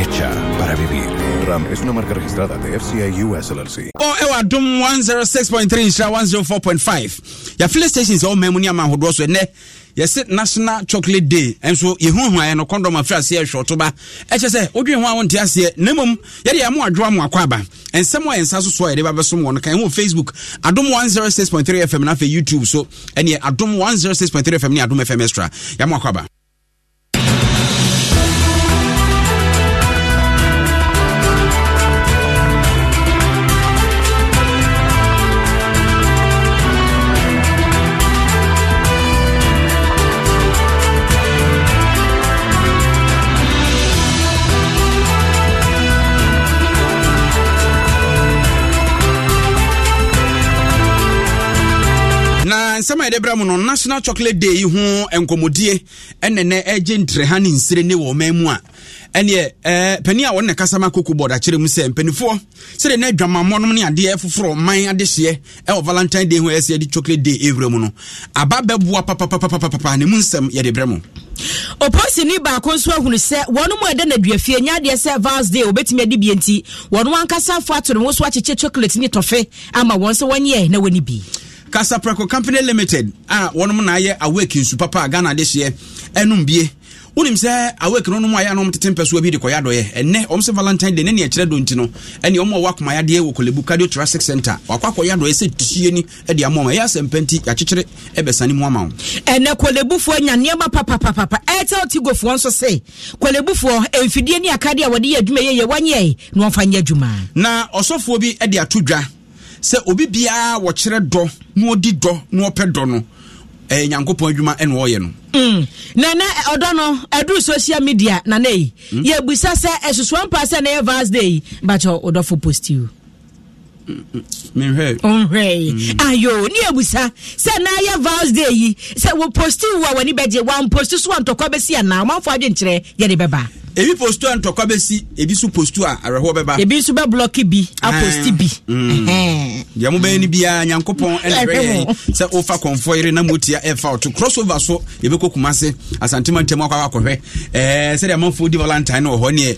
hecha para vivir. Ram es una marca registrada de FCI US LLC. Oh, ewa dum 106.3 nhyira 104.5. Ya filling stations all memu ni ama hodo so ne. Yɛsɛ national chocolate day nso yɛhuhu ayɛ no kɔndɔm afiri aseɛ ɛhwɛ ɔtoba ɛkyɛ e sɛ wodwene ho a wonte aseɛ nemum. mmom yɛde yɛ amoadwoa mo akɔ aba nsɛm a yɛnsa so soɔ yɛde babɛsom wɔ no facebook Adum 106.3 fm na fe youtube so ɛneɛ adum 106.3 fm ne adom fm extra yɛamo akɔ aba asɛm a yɛde brɛ mu no national chocolate day yi ho nkɔmmɔdie ɛnɛnɛ ɛgye ntreha ne nsire ne wɔ ɔman mu a ɛneɛ eh, panin a wɔne ne kasa ma koko board akyerɛ mu sɛ mpanimfoɔ sɛdeɛ na adwamammɔ nom ne adeɛ foforɔ man adehyeɛ ɛwɔ eh, valentine day ho ɛsɛ yɛde chocolate day ɛwura mu no aba bɛboa papapapapapa ne mu nsɛm yɛde brɛ mu oposini baako nso ahunu sɛ wɔn mu ɛda na duafie nya adeɛ sɛ vals day obetumi adi bie nti wɔn ankasa afɔ ato ne ho so akyekyɛ chocolate ne tɔfe ama wɔn nso wɔnyɛ na wɔn ni bi kasaprɛko company limited a wɔnom na ayɛ awake nsu papa a ghana de hyeɛ ɛnom bie wonim sɛ awake no nom ayɛ anom tete mpɛsoa bi de kɔyɛ adɔyɛ ɛnɛ ɔm sɛ valentine de ne neɛ do donti no ɛne ɔma ɔwɔ akomayadeɛ wɔ kɔlebu cardio thoracic center wakɔ akɔyɛ adɔyɛ sɛ tie ni de ama ma ɛyɛ asɛmpa nti yɛakyekyere ɛbɛsane mu ama wo ɛnɛ kɔlebufoɔ nya nneɛma papapapapa ɛɛtɛ ɔtigofoɔ nso se kɔlebufoɔ ɛmfidie ne akadeɛ a wɔde yɛ adwuma yɛyɛ wɔnyɛ na ɔmfa nyɛ adwuma na ɔsɔfoɔ bi de ato dwa sɛ obi biara wɔkyerɛ dɔ na ɔdi dɔ na ɔpɛ dɔ no ɛyɛ nyankopɔn adwuma ɛna ɔyɛ no mm. nana ɔdɔ no ɛduru social media nana yi hmm? yɛbusa sɛ ɛsusua mpa sɛ na yɛ vars day yi bakyɛ ɔdɔfo postiw nhwɛi mm. ayo ne abusa sɛ na yɛ vows day yi sɛ wɔposti wo a w'ani bɛgye wɔamposti so antɔkwa bɛsi anaa ɔmanfo adwenkyerɛ yɛde bɛba ebi postu a ntɔkwa si ebi so postu a awerɛhoɔ bɛba ebi nso bɛblɔke bi ah. aposti bi mm. deɛ mobɛyɛ no biara nyankopɔn ɛnɛhwɛ yɛn sɛ wofa kɔmfoɔ yere na motia ɛfa To crossover so yɛbɛkɔ kuma se asantema ntam akɔ akɔhwɛ sɛdeɛ amanfoɔ di valentine no wɔ hɔ neɛ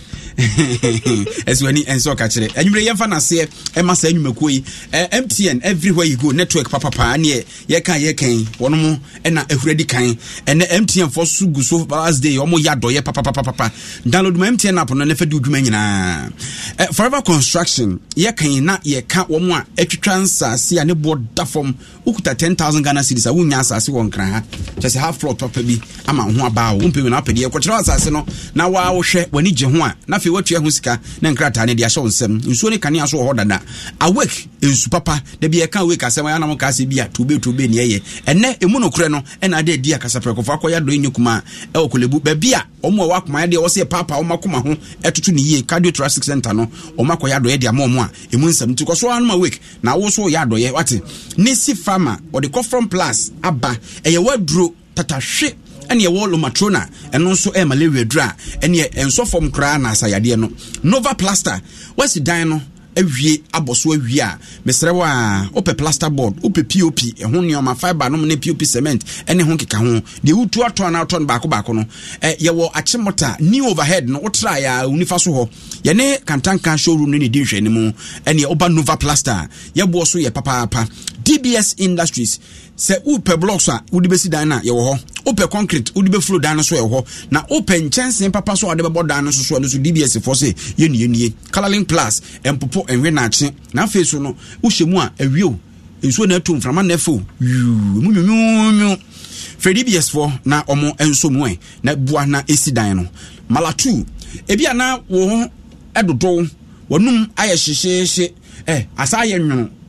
ɛsiwani ɛnso ɔka kyerɛ ɛnwumere yɛmfa naseɛ ɛma saa nnwumakuo yi mtn everywhere you go network papapaa neɛ yɛka yɛkan wɔnom ɛna eh, ɛhura eh, di kan ɛnɛ eh, mtn fɔ so gu so last day ɔmo adɔyɛ papapapapa download ma mtn app no nɛfɛ di odwuma nyinaa forever construction yɛkan na yɛka wɔn a ah, ɛtwitwa nsaase a ah, ne boɔ da fam wokuta 10000 ghana cities a wonya asase wɔ nkraa kyɛ sɛ half plot papa bi ama ho abaa wo wompɛ wi na wapɛdeɛ kɔkyerɛ asase no na waa wohwɛ w'ani gye ho a ah, na afei watua ho sika na nkrataa no de ahyɛ wo nsɛm nsuo ne kanea so wɔ hɔ dada awek nsu papa da bi ɛka awek asɛm ayɛ nam ka sɛ bi a tobe tobe ne ɛyɛ ɛnɛ ɛmu nokorɛ no ɛna ade adi akasaprɛkɔfo akɔyɛ adɔ nyɛ kuma a ɛwɔ kolebu baabi a ɔmo a wɔakoma deɛ wɔsɛ paapa ɔma koma ho ɛtoto ne yie cardio thoracic center no ɔma akɔyɛ adɔyɛ de ama ɔmo a ɛmu nsɛm nti kɔso anom awek na awo so yɛ adɔyɛ wate ne si farmer ɔde kɔfrɔm plus aba ɛyɛ waduro tatahwe ɛne ɛwɔ lomatrona ɛno nso ɛ malaria duro a ɛneɛ fam koraa na asayadeɛ no nova plaster wasi dan no awie abɔ so awie a mesrɛ wo wopɛ plaster board wopɛ pop ɛho nneɔma fiber nom ne pop cement ɛne ho keka ho deɛ wotu atɔ no atɔ no baako baako no ɛ yɛwɔ akye mota new overhead no wotra yɛ a onifa so hɔ yɛne kantanka showroom no ne di nhwɛ no mu ɛneɛ woba nova plaster a yɛboɔ so yɛ papaapa dbs industries sɛ wopɛ blocks a wode bɛsi dan no a yɛwɔ hɔ wopɛ concrete wode bɛfuro dan no so ɛwɔ hɔ na wopɛ nkyɛnsee papa so a wode bɛbɔ dan no so so ɛno so dbs foɔ se yɛnuenie colorling plus mpopo ɛnwe naakye na afei so no wohyɛ mu a awio nsuo na ato mframa na ɛfo mu nwunwunwu fɛ dbs foɔ na ɔmo nso mu na boa na ɛsi dan no ebi ana wo ho ɛdodo wɔnum ayɛ hyehyeehye ɛ asa ayɛ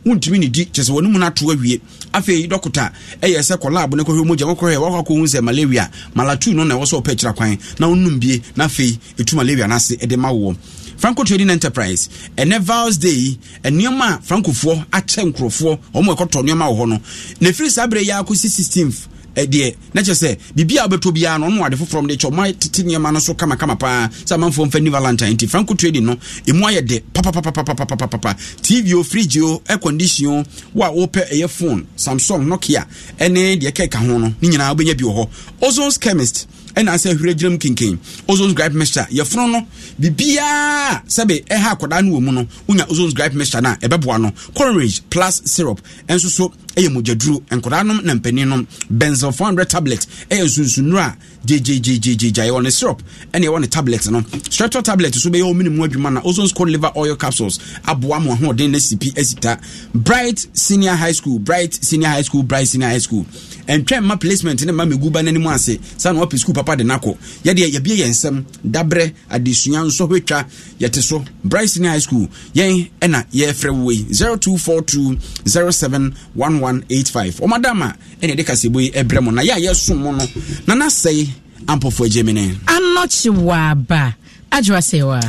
wontumi ne di kyɛ sɛ wɔne mu no ato awie afei dɔkota ɛyɛ sɛ kɔlaabo no kɔhwɛ mogya wokɔhɛ wakɔkɔhu sɛ malaria malatu no na ɛwɔ sɛ wɔpɛ akyira kwan na wonom bie na afei ɛtu malaria no ase ɛde ma wowɔ franco trading enterprise ɛnɛ vows day nneɛma a frankofoɔ akyɛ nkurɔfoɔ ɔmo ɛkɔtɔ nneɛma wɔ hɔ no na ɛfiri saa berɛ yi akɔsi 16 ɛdeɛ eh, na kyerɛ sɛ biribia wobɛtɔ biara no ɔno ade foforɔ de kyɛ ɔma tete nneɛma no so kamakama paa sɛ amanfoɔ mfa ni valentine nti franco trading no ɛmu ayɛ de papapapapapapapa tv o fridge o air condition o wo a wopɛ ɛyɛ phone samsung nokia ɛne deɛ kɛka ho no ne nyinaa wobɛnya bi wɔ hɔ ozones chemist ɛna asɛ ahwere gyiram kenken ozone gripe mixture yɛfono no biribiaa sɛbe ɛha akwadaa no wɔ mu no wonya ozone gripe mixture no a ɛbɛboa no courage plus syrup ɛnso so ɛyɛ mogyaduro nkwadaa nom na mpanin nom benzel 400 tablet ɛyɛ nsunsunu a gyegyegyegyegya ɛwɔ ne syrup ɛna ɛwɔ ne tablet no stretol tablet so bɛyɛ ɔmini mu adwuma na ozone score liver oil capsules aboa mu ahoɔden na sipi asita bright senior high school bright senior high school bright senior high school ɛntwɛn ma placement ne ma megu ba n'anim ase sani wapi sukuu papa de n'akɔ yɛdeɛ yɛbie yɛn nsɛm dabrɛ adesua nsɔhwetwa yɛte so bryson high school yɛn ɛna yɛfrɛ wo yi zero two four two zero seven one one eight five wɔn adama ɛna yɛde kasebo yi ɛbrɛ mo na yɛ a yɛsom mo no nana sɛɛ ampɔfo agye mi ne. anɔkye wɔ adwa sɛ wa.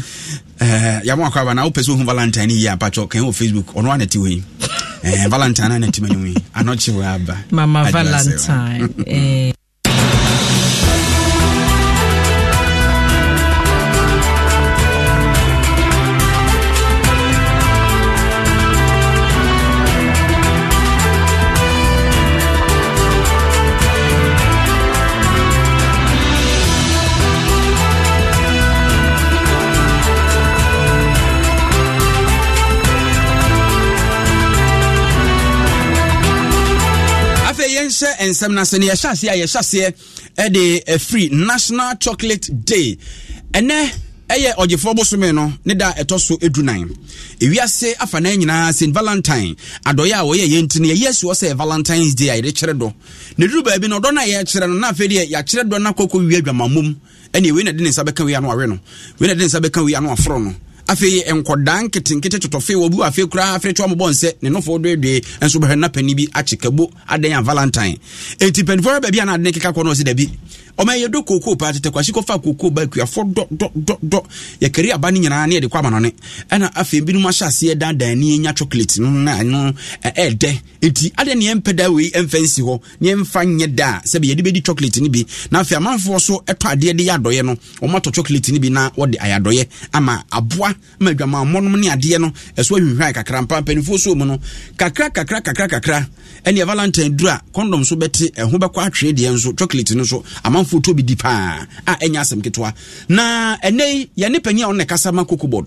ɛɛ yamu akɔ aba na awo pɛ sɛ ohun valentine yi yɛ apatwɔ kɛn wɔ facebook ɔno anɛti wɔ yi. eh, valentine anatimanyi anɔkyewe aba mama valentine eh. nsɛm no ase yɛhyɛ aseɛ a yɛhyɛ aseɛ de afiri eh, national chocolate day ɛnɛ ɛyɛ ɔgyefoɔ bosome no ne da ɛtɔ so edu nan ewiase afa nyinaa st valentine adɔyɛ a wɔyɛ yɛn ti no yɛyɛ si hɔ sɛ valentine's day a yɛde kyerɛ dɔ na duru baabi no ɔdɔ no a yɛkyerɛ no na afei deɛ yɛakyerɛ dɔ no akɔkɔ wie adwamammom ɛne wei na de ne nsa bɛka wei ano awe no wei na de ne nsa bɛka wei ano aforɔ no afei nkɔdaa nketenkete totɔfe wɔbu afei koraa afei twa mobɔ nsɛ ne nofoɔ doedoe nso bɛhwɛ napani bi akye kabo adan a valentine enti panifoɔ baabi a na aden keka kɔ no ɔsɛ dabi ɔma yɛdɔ kokoo paa tetɛ kwasi kɔfa kokoo ba akuafoɔ dɔ dɔdɔdɔ yɛkari aba no nyinaa ne yɛde kɔ ama no ne ɛna afei binom ahyɛ aseɛ dandan ne yɛnya chocolate no na ɛno ɛɛdɛ nti adeɛ ne yɛmpɛ da wei ɛmfa nsi hɔ ne yɛmfa nyɛ da a sɛbi yɛde bɛdi chocolate no bi na afei amanfoɔ so ɛtɔ adeɛ de yɛ adɔyɛ no ɔmatɔ chocolate no bi na wɔde ayadɔyɛ ama aboa ama adwamammɔnom ne adeɛ no ɛso ahwehwae kakra mpa mpanimfoɔ so mu no kakra kakra kakra kakra ɛne valentine dura condom so bɛte ɛho bɛkɔ atwere deɛ nso chocolate no so amanfoɔ foto bi di paa a ɛnyɛ asɛm ketewa na ɛnɛ yɛne panyin a ɔno na ma koko board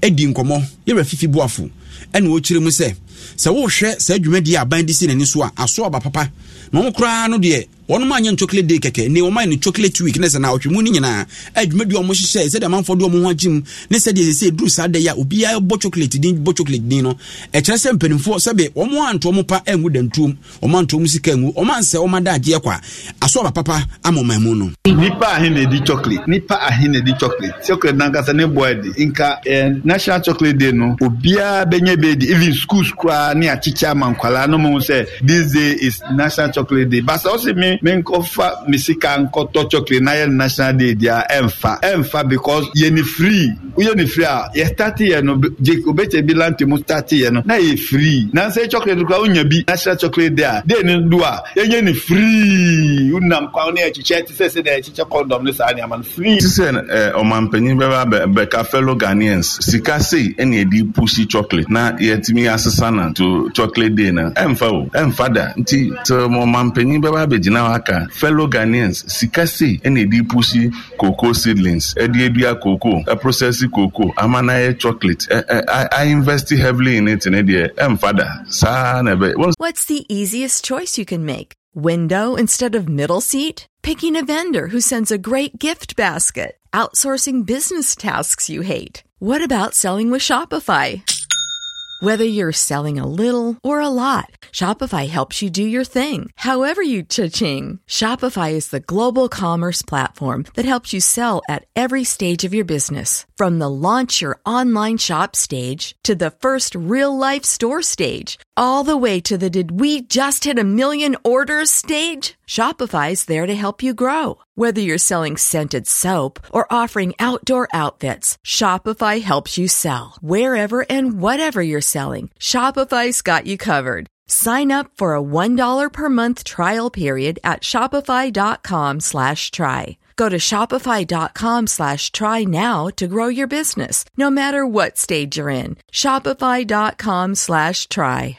edi nkɔmɔ yɛwɛ fifi boafo ɛna ɔkyerɛ mu sɛ sɛ wohwɛ saa dwumadi a aban de si n'ani so a aso aba papa na wɔn koraa no deɛ wɔn mu anyɛ no chocolate day kɛkɛ ne wɔn ayɛ no chocolate week ne sɛ na ɔtwe mu ne nyinaa adwumadi wɔn hyehyɛ sɛdeɛ amanfoɔ de wɔn ho agye mu ne sɛdeɛ sɛ ɛduru saa da yi a obiara bɔ chocolate din bɔ chocolate din no ɛkyerɛ sɛ mpanimfoɔ sɛbe wɔn anto wɔn pa angu dantuom wɔn anto wɔn sika angu wɔn ansɛ wɔn ada agyeɛ kɔ a asɔba papa ama ɔman mu no. nipa ahen na edi chocolate nipa ahen na edi chocolate chocolate nankasa ne bɔ ɛdi nka ɛɛ national chocolate day no obiara bɛnyɛ bɛ di even schools koraa ne akyikyia ama nkwalaa no mu sɛ this day is national chocolate day basa ɔsi mi ni mi nkɔfa misi ka nkɔtɔ chɔkiri n'ayɛ national day di a ɛnfa ɛnfa because yɛ ni free yɛ ni free a yɛ tati yɛ no je o bɛ cɛ bi lantɛ mu tati yɛ no n'a yɛ free n'asɛ chɔkiri kura o nya bi national chɔkiri di a den ni do a yɛ nye ni free o nam kwan ne ɛkyikyɛ ti sɛ sɛ de ɛkyikyɛ kɔndɔm ne saa ni a ma ni free. sisan eh, ɛ ɔmanpanyin bɛɛ b'a bɛ ka fellow ghanaians sika sei ɛna yɛde pusi chocolate na yɛtumi asesa na to chocolate day na ɛnfa o ɛnfa da nti sɛ ɔmanpanyin bɛɛ b'a bɛ jina aka fellow ghanaians sika sei na edi pusi cocoa seedlings ɛde edua cocoa ɛprocessi cocoa ama na yɛ chocolate i invest heavily in it ne deɛ ɛnfa da saa na ɛbɛ. what's the easiest choice you can make window instead of middle seat picking a vendor who sends a great gift basket outsourcing business tasks you hate what about selling with shopify. Whether you're selling a little or a lot, Shopify helps you do your thing, however you cha-ching. Shopify is the global commerce platform that helps you sell at every stage of your business. From the launch your online shop stage to the first real life store stage all the way to the did we just hit a million orders stage? Shopify's there to help you grow. Whether you're selling scented soap or offering outdoor outfits, Shopify helps you sell. Wherever and whatever you're selling, Shopify's got you covered. Sign up for a $1 per month trial period at shopify.com slash try. Go to shopify.com slash try now to grow your business, no matter what stage you're in. Shopify.com slash try.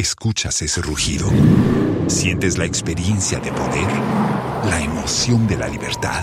Escuchas ese rugido. Sientes la experiencia de poder, la emoción de la libertad.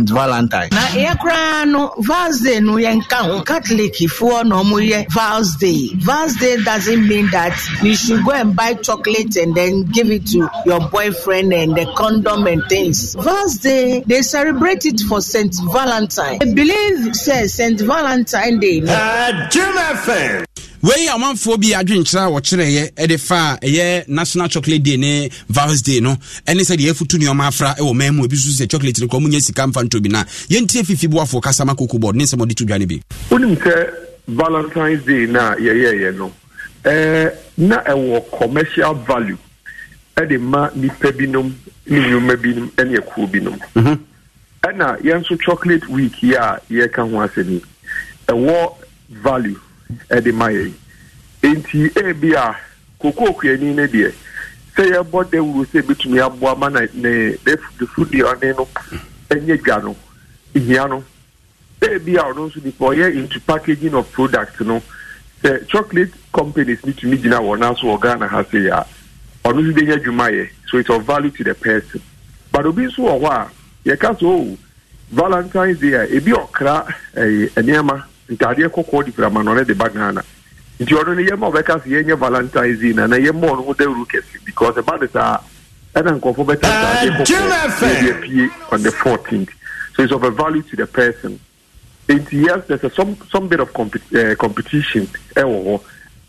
st valentine na yɛ koraa no valsday no yɛnka ho catholicfoɔ na ɔmo yɛ valsday valsday doesn't mean that you should go and buy chocolate and then give it to your boyfriend and the condom and things valsday they celebrate it for st valentine i believe says st valentine day. Uh, Jim FM. wei amanfoɔ bi adwenkyerɛ a wɔkyerɛeɛ de fa a ɛyɛ national chocolate day ne vals day no ɛne sɛ deɛ yɛfoto nneɔma afra wɔ man mu ebi so sɛ chocolate no kora munya sika mfa nto bi no a yɛntie fifi boafoɔ kasama koko board ne nsɛm ɔde to dwa bi wonim sɛ valentines day no a yɛyɛeɛ no na ɛwɔ commercial value ɛde ma nipa binom ne nnwuma binom ne akuo binom mhm. ɛna yɛn nso chocolate week yi a yɛka ho asɛm ɛwɔ value ɛde ma yɛn nti ebi a kokoo kuani ne deɛ sɛ yɛbɔ dawuro sɛ ebitumi aboa ma na ne ne fudufu deɛ ɔne no ɛnyɛ dwa no ihia no ebi a ɔno nso nipa ɔyɛ into packaging of product no sɛ chocolate companies ni tumi gyina wɔn aso wɔ ghana ha se ya ɔno nso de nyɛ adwuma yɛ so it's of value to the person but obi nso wɔ hɔ a ka so o oh, valentines day a ebi ɔkra ɛyɛ nneɛma. nti adeɛ kɔkɔɔ de firi amano ne de ba ghana nti ɔno no yɛma ɔbɛka sɛ yɛnyɛ valentine zin ana yɛma ɔno ho dawuru kɛse because ɛba e de saa ɛna e nkɔɔfoɔ bɛta saadeɛ eh, kɔkɔɔde apue on the fourteenth so it's of a value to the person nti yes there's a some, some bit of comp uh, eh, competition ɛwɔ eh, hɔ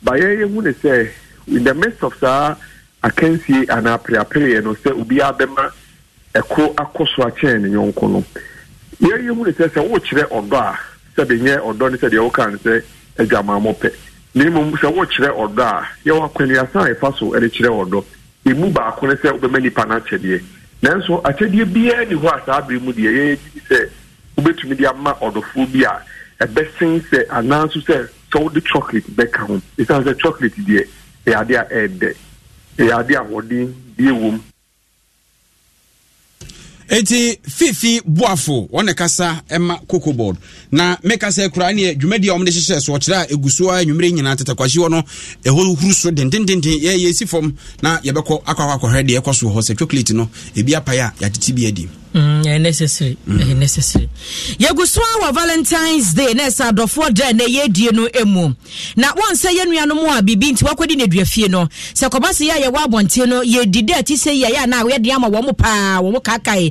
but yɛyɛhu ne sɛ in the midst of saa akansie anaa apereapereɛ no sɛ obiara bɛma ɛkoro akɔ so akyɛn ne yɔnko no yɛyɛhu ne sɛ sɛ wokyerɛ ɔdɔ a sɛde nyɛ ɔdɔ ne sɛdeɛ woka ne sɛ adwamammɔ pɛ na mmom sɛ wokyerɛ ɔdɔ a yɛwɔ akwaneasa a ɛfa so de kyerɛ ɔdɔ ɛmu baako ne sɛ wobɛma nnipa no akyɛdeɛ nanso akyɛdeɛ biara ni hɔ a saa bere mu deɛ yɛyɛgyi sɛ wobɛtumi de ama ɔdɔfoɔ bi a ɛbɛsen sɛ anaa nso sɛ sɛ wode chocolate bɛka ho ɛsiane sɛ chocolate deɛ ɛyɛ adeɛ a ɛɛdɛ ɛyɛ adeɛ a wɔde deɛ wɔ mu eti fifi boafo ɔne kasa ma coco board na mekasa kura neɛ dwumadi a ɔmde hyehyɛ so ɔkyerɛ a ɛgu so a nwumere nyinaa tetekwahyi hɔ no ɛhɔ so dendendenden yɛyɛsi fam na yɛbɛkɔ akɔ akɔkɔhwɛ deɛ ɛkɔ so hɔ sɛ chocolate no ebi apae a yɛatete bi adi Mm, eh, necessary mm. Eh, necessary yɛgu so a valentines day na ɛsɛ adɔfoɔ da na ɛyɛ die no mu na wɔn sɛ yɛ nuanom a biribi nti wakɔdi na adua fie no sɛ kɔba no yɛdi dɛ ti sɛ yɛ yɛ na yɛde ama wɔn mo paa wɔn mo kaakae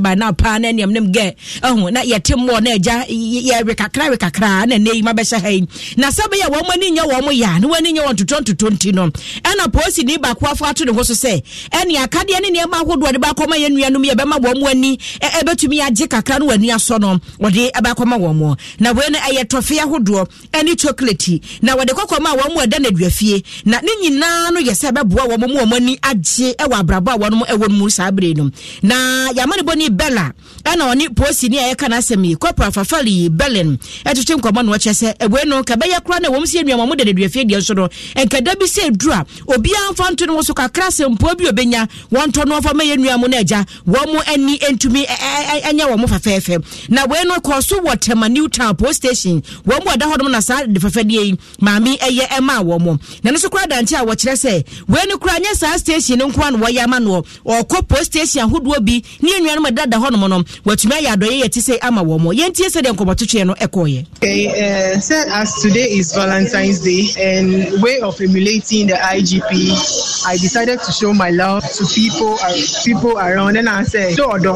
ba na paa na ɛniam nam gɛ na yɛte mmɔ na ɛgya yɛwe kakra we na ɛnɛ yi na sɛ bɛyɛ wɔn mo ani nyɛ wɔn mo yɛ na wɔn ani nyɛ wɔn ntoto ntoto nti no ɛna e polisi ni baako afɔ ato ne ho so sɛ ɛne akadeɛ ne nneɛma ahodoɔ ɛbɛma wɔn mu ani ɛbɛtumi agye kakra no w'ani asɔ no wɔde ɛba akɔma wɔn mu na wɔn no ɛyɛ tɔfe ahodoɔ ɛne chocolate na wɔde kɔkɔɔ mu a wɔn mu ɛda na dua fie na ne nyinaa no yɛ sɛ ɛbɛboa wɔn mu wɔn ani agye ɛwɔ abrabɔ a wɔn mu ɛwɔ mu saa abere no na yamanibɔ ni bella ɛna ɔne poosi ni a yɛka n'asɛm yi kɔpra fafali berlin ɛtete nkɔmɔ na ɔkyɛ sɛ ɛbue no kɛbɛyɛ kora na wɔn si enua wɔn de na dua fie deɛ nso no nkɛda bi sɛ edura obiara nfa nto ne ho so kakra asɛmpoa bi obenya wɔn ntɔ no ɔfɔ mɛyɛ nua mu na agya wɔn wɔn ani ntumi ɛnyɛ wɔn fɛfɛɛfɛ na wɔn no kɔ so wɔ tɛma new town post station wɔn mu ɛda hɔ nom na saa de fɛfɛdeɛ yi maame ɛyɛ ɛma wɔn na no so kora dante a wɔkyerɛ sɛ wɔn no kora nyɛ saa station no nkoa na wɔyɛ ama no ɔkɔ post station ahodoɔ bi ne nnua no mu ɛdada hɔ nom no wɔatumi ayɛ adɔyɛ yɛ ti sɛ ama wɔn yɛntie sɛdeɛ nkɔmɔtotwe no ɛkɔɔyɛ. okay uh, sir as today is valentine's day and way of emulating the igp i decided to show my love to people uh, people around and i said. sɛ sɛ ɔdɔ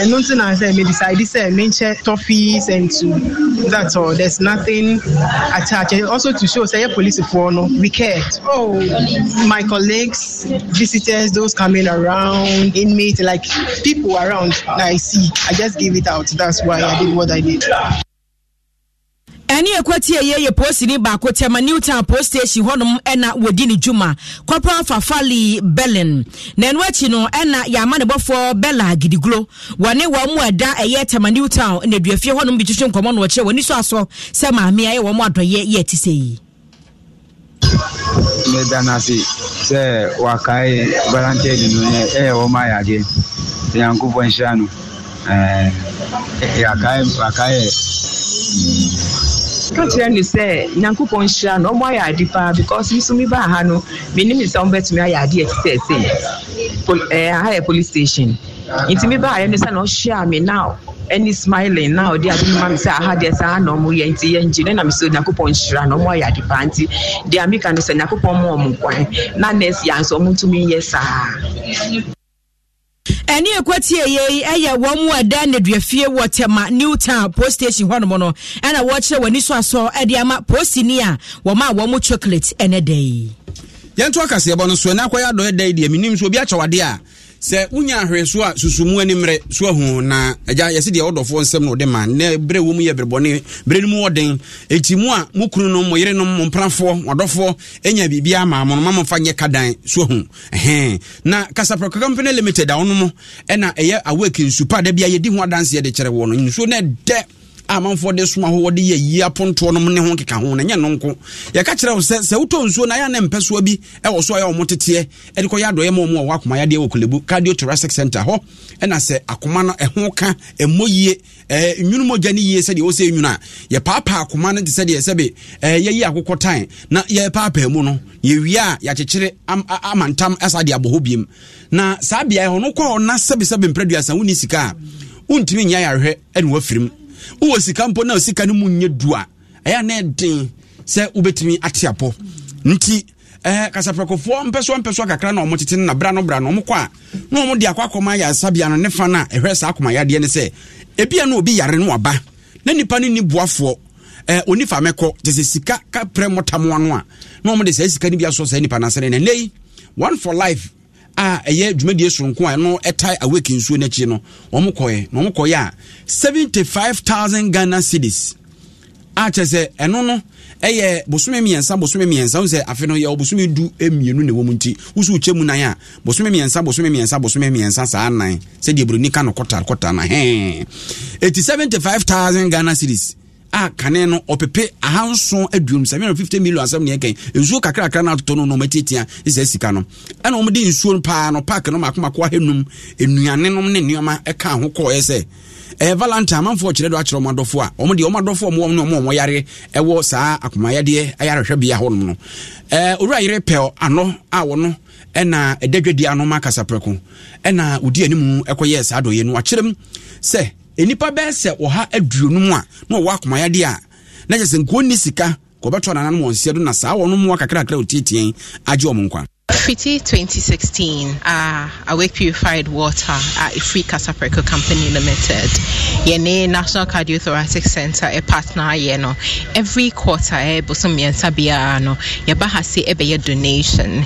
ɛno nti na sɛ medecide sɛ menkyɛ toffees and to that's all there's nothing attached also to show sɛ yɛ polisifoɔ no we care. oh my colleagues visitors those coming around inmates like people around i see i just gave it out that's why i did what i did ɛne ɛkɔti ɛyɛ yɛ posini baako tɛma newtown post station hɔnom ɛna wɔdi ne dwuma corporal fafali berlin na ɛno akyi no ɛna yɛama ne bɔfoɔ bella gidiglo wɔne wɔn mu ɛda ɛyɛ tɛma newtown na aduafie hɔnom bi twitwe nkɔmmɔ no wɔkyerɛ wɔni so asɔ sɛ maame a yɛ wɔn adɔyɛ yɛ ti sɛ yi meda no ase sɛ wakae volunteer no ɛyɛ wɔn ayɛ adeɛ nyankopɔn nhyira no yɛakae ka kyerɛ no sɛ nyankopɔn hyira no ɔmo ayɛ ade paa because nso mi baa ha no menim sɛ ɔmo bɛtumi ayɛ ade ɛte sɛ ɛsɛ pol ɛɛ eh, aha yɛ police station nti mi baa yɛ no sɛ na ɔhyia mi na ɛni smiling na ɔde ade no ma mi sɛ aha deɛ saa na ɔmo yɛ nti yɛn gye no na mi sɛ nyankopɔn hyira no ɔmo ayɛ ade paa nti deɛ mi ka no sɛ nyankopɔn mo ɔmo kwan na nurse yɛ nso ɔmo ntumi yɛ ɛne ɛkwatie yei ɛyɛ wɔn mu ɛda nneduafie wɔ tɛma new town post station hɔnom no ɛna wɔkyerɛ wɔn ani so asɔ ɛde ama postini a wɔn a wɔn chocolate ɛnɛ dɛ yi. yɛnto akaseɛbɔ no so ɛna akɔyɛ adɔyɛ dɛ yi deɛ menim so obi akyɛwadeɛ a sɛ wonya ahwɛ so a susumu animmerɛ so ahu na agya yɛsɛ deɛ wɔdɔfoɔ nsɛm na wɔde ma nɛ berɛ wɔ mu yɛ berebɔne berɛ no mu wɔden ɛnti mu a mo kunu no mo yere no mo mprafoɔ wɔdɔfoɔ ɛnya biribia ma mo no ma momfa nyɛ kadan so ahu ɛhe na kasaprɛko company limited a wo no mu ɛna ɛyɛ awake nsu pa da bia yɛdi ho adanseɛ de kyerɛ wɔ no nsuo ne ɛdɛ amanfoɔ de soma ho wɔde yɛ yie apontoɔ no ne ho keka ho na nyɛ no nko yɛka kyerɛ wo sɛ sɛ wotɔ nsuo na yɛ ne mpɛsoa bi ɛwɔ so a yɛ ɔmo teteɛ ɛde kɔyɛ adɔyɛ ma ɔmo ɔwɔ akoma yadeɛ wɔ kolebu cardiothoracic center hɔ ɛna sɛ akoma no ɛho ka ɛmmɔ yie ɛɛ nwunu mogya ne yie sɛdeɛ wɔsɛ nwunu yɛpaapaa akoma no te sɛdeɛ sɛbe ɛɛ yɛyi akokɔ tan na yɛpaapaa mu no yɛwie a yɛakyekyere amantam ɛsa de abɔ hɔ biem na saa beaeɛ hɔ no kɔ na sɛbesɛbe mprɛduasa wonni sika a wontumi nyɛ yɛahwɛ ɛne wafirim wowɔ sika mpo na sika e, no mu nyɛ du a ɛyɛ na ɛden sɛ wobɛtumi ate apɔ nti eh, kasaprɛkofoɔ mpɛ so mpɛ so kakra na ɔmotete no nabra no bra no ɔmokɔ a na ɔmode akɔ akɔma yɛasabea no ne fa no a ɛhwɛ e, saa akɔmayadeɛ no sɛ ebia na obi yare no waba na nipa no ni boafoɔ eh, ɔni fa mɛkɔ te sɛ sika kaprɛ mmɔtamoa no a na ɔmode saa e, sika no bi asɔ saa nipa no asɛne nɛ nnɛ one for life a ɛyɛ dwumadie soronko a ɛno ɛtae awake nsuo no no wɔn kɔɛ na wɔn kɔɛ a seventy five thousand ghana cedis a kyerɛ sɛ ɛno no ɛyɛ bosome mmiɛnsa bosome mmiɛnsa n sɛ afe no yɛ bosome du mmienu na ɛwɔ mu nti wusu kyɛ mu nan a bosome mmiɛnsa bosome mmiɛnsa bosome mmiɛnsa saa nan sɛdeɛ buroni ka no kɔta kɔta na hɛn eighty seventy five thousand ghana cedis. a kane no ɔpepe ahanson aduom sɛ mɛna fifty million asɛm neɛ kɛn nsuo kakrakra na atoto no na ɔmatiatia ɛsɛ sika no ɛna ɔmde nsuo no paa no paake no maakomako ahanum nnuane nom ne nneɛma ɛka ho kɔɔɛ sɛ ɛyɛ valantine amanfoɔ kyerɛ do akyerɛ ɔmo adɔfoɔ a ɔmo deɛ ɔmo adɔfoɔ ɔmo ɔmo ɔmo yare ɛwɔ saa akomayadeɛ ayarehwɛ bea hɔ nom no ɛɛ owura yere pɛl ano a wɔno ɛna ɛdɛdwadi anoma kasaprɛko ɛna odi anim ɛkɔyɛ saa adɔyɛ no akyerɛm sɛ nnipa bɛɛ sɛ ɔha aduonu mu a na ɔwɔ akomayadeɛ a na kyɛ sɛ nkuo nni sika kɔbɛtɔ nananom wɔn seɛ do na saa wɔnom wa kakrakra otietie agye ɔmo nkwa Fiti 2016, uh, Awake Purified Water at uh, Free Casapreco Company Limited. Yene National Cardiothoracic Center, a partner, yeno. every quarter, eh, bosom yensa biano, yabahasi ebe ye donation.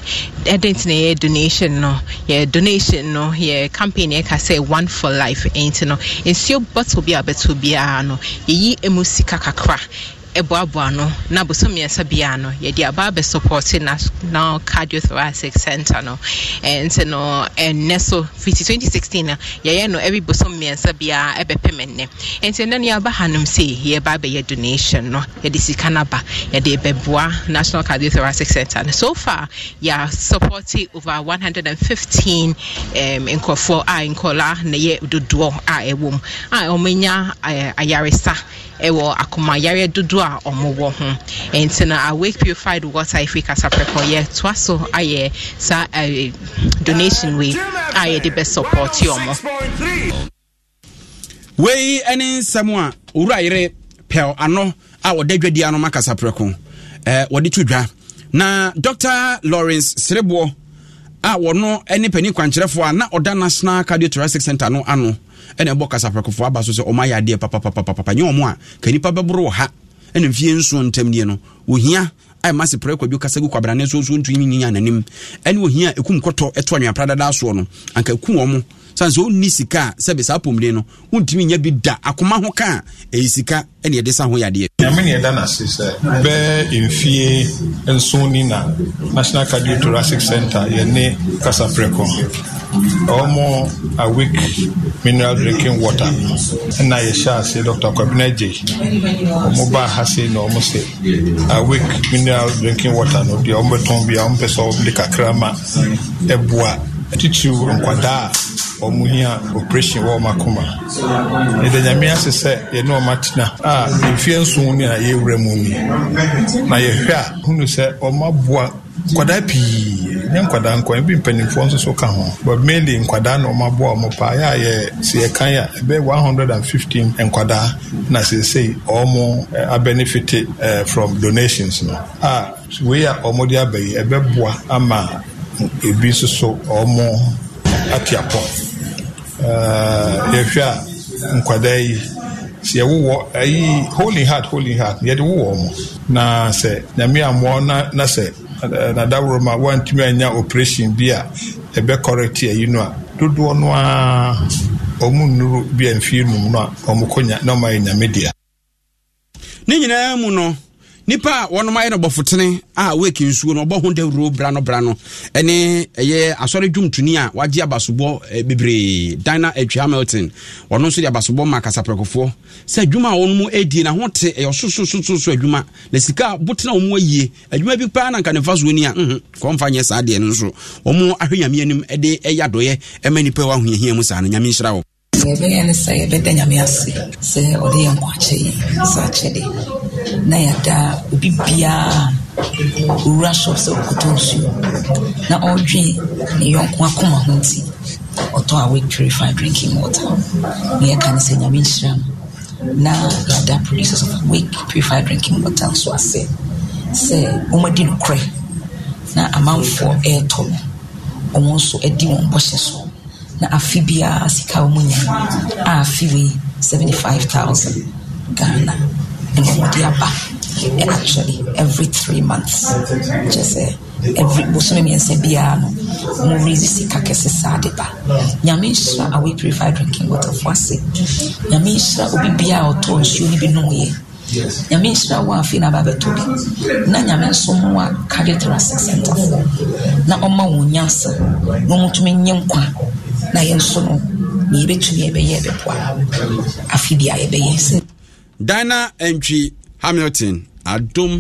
Edent eh, ne donation no, ye donation no, ye campaign ye kase one for life, ain't no. Ensio bottle be a betu biano, ye emusika kakra. ɛboaboa no na bosom mmiɛnsa bia no yɛde aba abɛsupporte national cardiothoracic center no eh, nti no ɛnnɛ so fiti 2016 no yɛyɛ no ɛbi bosom mmiɛnsa biaa ɛbɛpem nnɛ nti ɛnɛ no yɛaba hanom sei yɛba abɛyɛ donation no yɛde sika no aba yɛde bɛboa national cardiothoracic center no so far yɛ supporte over 115 um, a nkɔla na yɛ dodoɔ a ɛwɔ mu a ɔmanya eh, ayaresa ɛwɔ akomayareɛ dodoɔ a wɔwɔ ho nti na awake uh, purified water efi kasapɛkɔ yɛtoa so ayɛ saa uh, donation wei a yɛde bɛ support wɔn. wei ne nsɛm a owura yere pɛl ano a wɔda di ano kasa kasaprɛko ɛɛ wɔde to dwa na dr lawrence sereboɔ a wɔno ne panin kwankyerɛfoɔ a na ɔda national cardiothoracic center no ano. ɛna ɛbɔ kasaprɛkofoɔ aba so sɛ ɔma yɛ adeɛ papapapapa nyɛ ɔmo a ka nipa bɛboro wɔ ha ɛna mfie nson ntam nie no ohia a ma se kwa kwadwo kasa gu kwabrane so so ntumi nyinya n'anim ɛne ohia ɛkum kɔtɔ ɛto anwea pradada soɔ no anka ɛkum mo san sɛ wonni sika a sɛbe saa apɔmuden no wontumi nya bi da akoma ho ka a sika ɛne ɛde sa ho yadeɛ nyame ne ɛda nase sɛ bɛɛ mfie nson ni na national cardiothoracic center yɛne kasaprɛkɔ ɔmo awik mineral drinking water ɛna yɛhyɛ ase dr kwabena gye ɔmo baa ha se na ɔmo se awik mineral drinking water no deɛ ɔmo bɛtɔn bi a ɔmo pɛ sɛ ɔmo de kakra ma ɛboa titiriw nkwadaa ɔmo hia operation wɔ ɔmo akoma yɛde nyame ase sɛ yɛne ɔmo atena a mfie nson ne a yɛwura mu ni na yɛhwɛ a hunu sɛ ɔmo aboa nkwadaa pii nye nkwadaa nkwan ebi mpanimfoɔ nso so ka ho but mainly nkwadaa na ɔmo aboa ɔmo paa yɛ a yɛ si yɛkan a ɛbɛyɛ one hundred and fifteen nkwadaa na seesei ɔmo eh, abɛnifite eh, ɛɛ from donations no a wei a ɔmo de aba yi ɛbɛboa ama ebi nso so ɔmo ate apɔ. Eh, yɛhwɛ a nkwadaa yi sɛ yɛwowɔ ayi holy heart holy heart yɛde wowɔ mo na sɛ nyame ammoa na na sɛ eh, nadaworo ma woantumi anya operation bi a ɛbɛkɔrɛte ayi no a dodoɔ no a ɔmo nnuru bi a mfie num no a ɔmo kɔnya na ɔmayɛ nyame dea ne nyinaa mu no nipa a wɔnom ayɛ no a weki nsuo no ɔbɔ ho dawuro bra no bra no ɛne ɛyɛ asɔre dwomtoni a wagye abasobɔ eh, bebree dina hamilton ɔno nso de abasobɔ ma kasaprɛkofoɔ sɛ adwuma a wɔnom ɛdi na ho te ɛyɛ ɔsososososo adwuma na sika botena wɔ mu ayie adwuma bi paa na nka ne ni a mhm, nyɛ saa deɛ no nso ɔmo ahwɛ nyame anim de ɛyɛ ɛma na yɛda obi biara owura shop sɛ ɔkɔtɔ nsuo na ɔdwe ne yɔnko akoma ho nti ɔtɔ awake purified drinking water na yɛka ne sɛ nyame nhyira no na yɛada producers of wake purify drinking water nso ase sɛ wɔmadi nokorɛ na amanfoɔ ɛretɔ no ɔmo nso adi wɔn bɔhyɛ so na afe biara sika wɔn nya a afe wei 75000 ghana ɛhoɔdeaba actually every three months Just sɛ eh, every bosome mmiɛnsa biara no mowrese sika kɛse saa de ba nyame nhyira away purify drinking water fo ase nyame nhyira obi biara a ɔtɔɔ nsuo no bi nomyɛ nyame nhyira wo a afei no ababɛtɔ bi na nyame nso mo a cardiothoracic centerfoɔ na ɔma wɔn nyansa na ɔmotumi nye nkwa na yɛn nso no na yɛbɛtumi yɛbɛyɛ a yɛbɛyɛ dina ntwi hamilton adom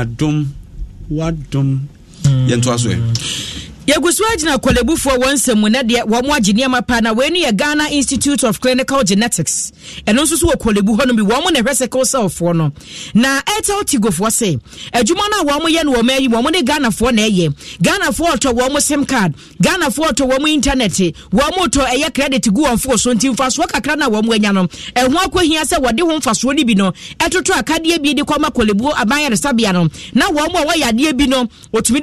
adom wadom hmm. yɛntoa so ɛ yɛgu so agyina kɔlɛbufoɔ wɔ nsɛm mu na deɛ wɔn agye nneɛma paa na wei no yɛ ghana institute of clinical genetics ɛno nso so wɔ kɔlɛbu hɔ no bi wɔn na ɛhwɛ sickle cell no na airtel tigofoɔ se adwuma no a wɔn yɛ no wɔn ayi wɔn ne ghanafoɔ na ɛyɛ ghanafoɔ ɔtɔ wɔn sim card ghanafoɔ ɔtɔ wɔn internet wɔn tɔ ɛyɛ credit gu wɔn foɔ so nti mfasoɔ kakra na wɔn anya no ɛho akɔhia sɛ wɔde ho mfasoɔ no bi no ɛtoto akadeɛ bi de kɔma kɔlɛbu aban yaresabea no na wɔn a wɔyɛ adeɛ bi no wɔtumi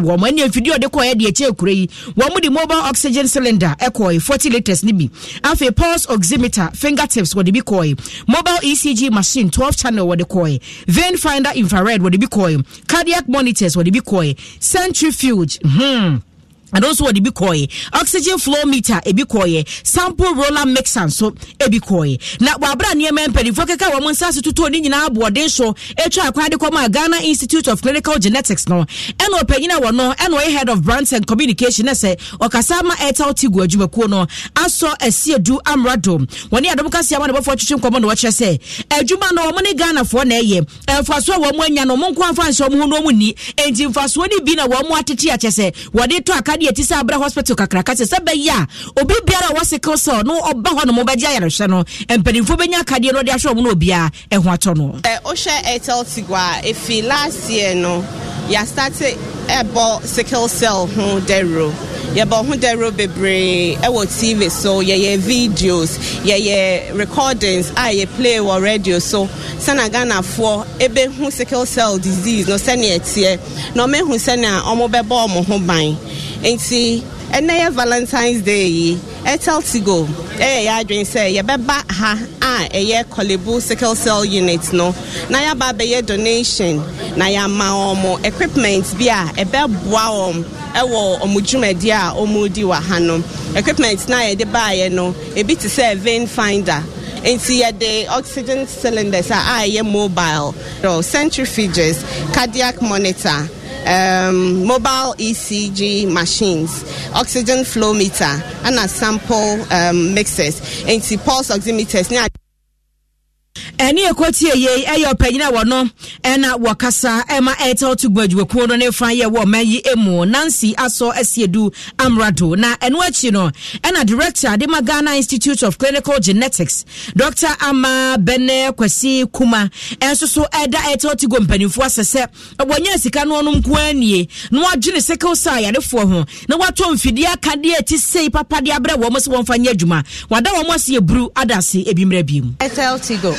de kɔɛ deɛ kyɛ kura yi wɔn mo de mobile oxygen cylinder ɛkɔɛ forty litres ne bi afei pulse oximeter fingertips wɔde bi kɔɛ mobile ecg machine twelve channel wɔde kɔɛ vein finder infrared wɔde bi kɔɛ cardiac monitors wɔde bi kɔɛ centrifuge hmm. and also wɔde bi kɔɔɛ oxygen flow meter ebi kɔɔɛ sample roller mixer nso ebi kɔɔɛ na wabra nneɛma mpanimfoɔ keka wɔn nsa so tutuo ne nyinaa aboɔden so atwa akwan de kɔma ghana institute of clinical genetics no ɛna ɔpanyin a wɔ no ɛna ɔyɛ head of brands and communication ɛsɛ ɔkasa ama airtel ti gu adwumakuo no asɔ ɛsi edu amrado wɔn ne adom kase ama ne bɔfo atwitwi nkɔmɔ na wɔkyerɛ sɛ adwuma no wɔn ne ghanafoɔ na ɛyɛ mfasoɔ a wɔn anya no wɔn nko afa nhyɛ ho na wɔn ni deɛ ti sɛ abra hospital kakraka sɛ sɛ bɛyɛ a obi biara a wɔsekil sɛ no ɔba hɔ no mobɛgye ayarehwɛ no mpanimfoɔ bɛnya akadeɛ no ɔde ahwɛ ɔmo no obiara ɛho atɔ no wohwɛ airtel tigua ɛfi last year no yɛastate ɛbɔ sickle cell ho dɛro yɛbɔ ho dɛro bebree ɛwɔ tv so yɛyɛ videos yɛyɛ recordings a yɛ play wɔ radio so sɛna ghanafoɔ ɛbɛhu sickle cell disease no sɛnea ɛteɛ na ɔmɛhu sɛnea ɔmo bɛbɔ ɔmo ho ban nti ɛnɛ yɛ valentines day yi ɛtel tigo ɛyɛ yɛ adwene sɛ yɛbɛba ha a ɛyɛ kɔlebu sickle cell unit no na yɛaba abɛyɛ donation na yɛama wɔn equipment bi a ɛbɛboa wɔn ɛwɔ wɔn dwumadie a wɔn di wɔ ha no equipment na yɛde baayɛ no ebi te sɛ vein finder nti yɛde oxygen cylinders a ɛyɛ mobile centrifuges cardiac monitor. um, mobile ECG machines, oxygen flow meter, and a sample um, mixers, and pulse oximeters. ɛne ɛkɔtie yei ɛyɛ ɔpanyini a wɔno ɛna wɔkasa ɛma ɛɛtɛ woto gu adwumakuo no ne fa yɛ wɔ ɔman yi mu nancy asɔ asiedu amrado na ɛno akyi no ɛna director de ma ghana institute of clinical genetics dr ama bɛnɛ kwasi kuma ɛnso so ɛda ɛɛtɛ woto gu mpanimfoɔ asɛ sɛ wɔnyɛ sika no ɔnom nko anie na wɔadwene sickle cell ayarefoɔ ho na wɔatɔ mfidie akadeɛ ɛti sei papadeɛ abrɛ wɔn sɛ wɔmfa nyɛ adwuma wɔada wɔn ase yɛ buru ada ase ebi ɛtɛ woto go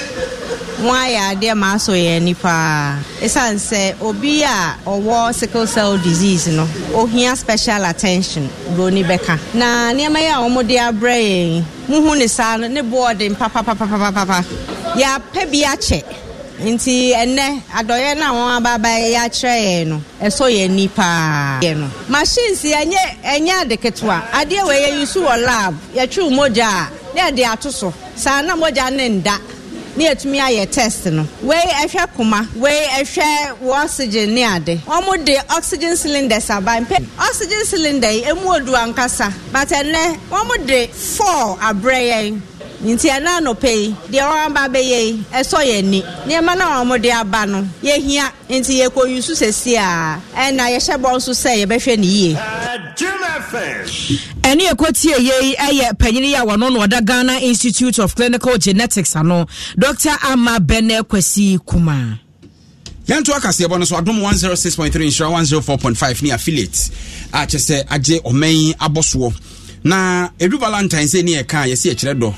mo ayɛ adeɛ ma asɔ yɛ ani paa ɛsiane sɛ obi a ɔwɔ sickle cell disease no ohia special attention buroni bɛka na nneɛma yi a wɔde abrɛ yɛn muhu ne saa no ne boɔden papapapapapa yɛapɛ bi akyɛ nti ɛnɛ adɔyɛ no a wɔn ababa yɛ akyerɛ yɛn no ɛsɔ yɛn ani paa yɛn no machines ɛnyɛ ɛnyɛ ade ketewa adeɛ wɔ yɛ yusu wɔ lab yɛtwi mogya a na yɛde ato so saa na mogya ne nda ne yɛtumi ayɛ test no wei ɛhwɛ kuma, wei ɛhwɛ wɔ oxygen ne ade wɔn de oxygen cylinders aba mpɛ oxygen cylinder yi emu odu ankasa but ɛnɛ wɔn de four abrɛ yɛn nti ɛna anɔpɛ yi deɛ wɔaba bɛyɛ yi ɛsɔ yɛ ani nneɛma no a wɔn de aba no yɛhia nti yɛkɔyi so sɛsi a ɛna yɛhyɛ bɔ nso sɛ yɛbɛhwɛ ne yie ɛne yɛkɔtie yei ɛyɛ panyini yi a wɔno no ɔda ghana institute of clinical genetics ano dr ama bɛnɛ kwasi kuma yɛnto no so adom 106.3 nhyira 104.5 ne affiliate agye abɔsoɔ na ɛdu valentine sɛ ne yɛka yɛsɛ yɛkyerɛ dɔ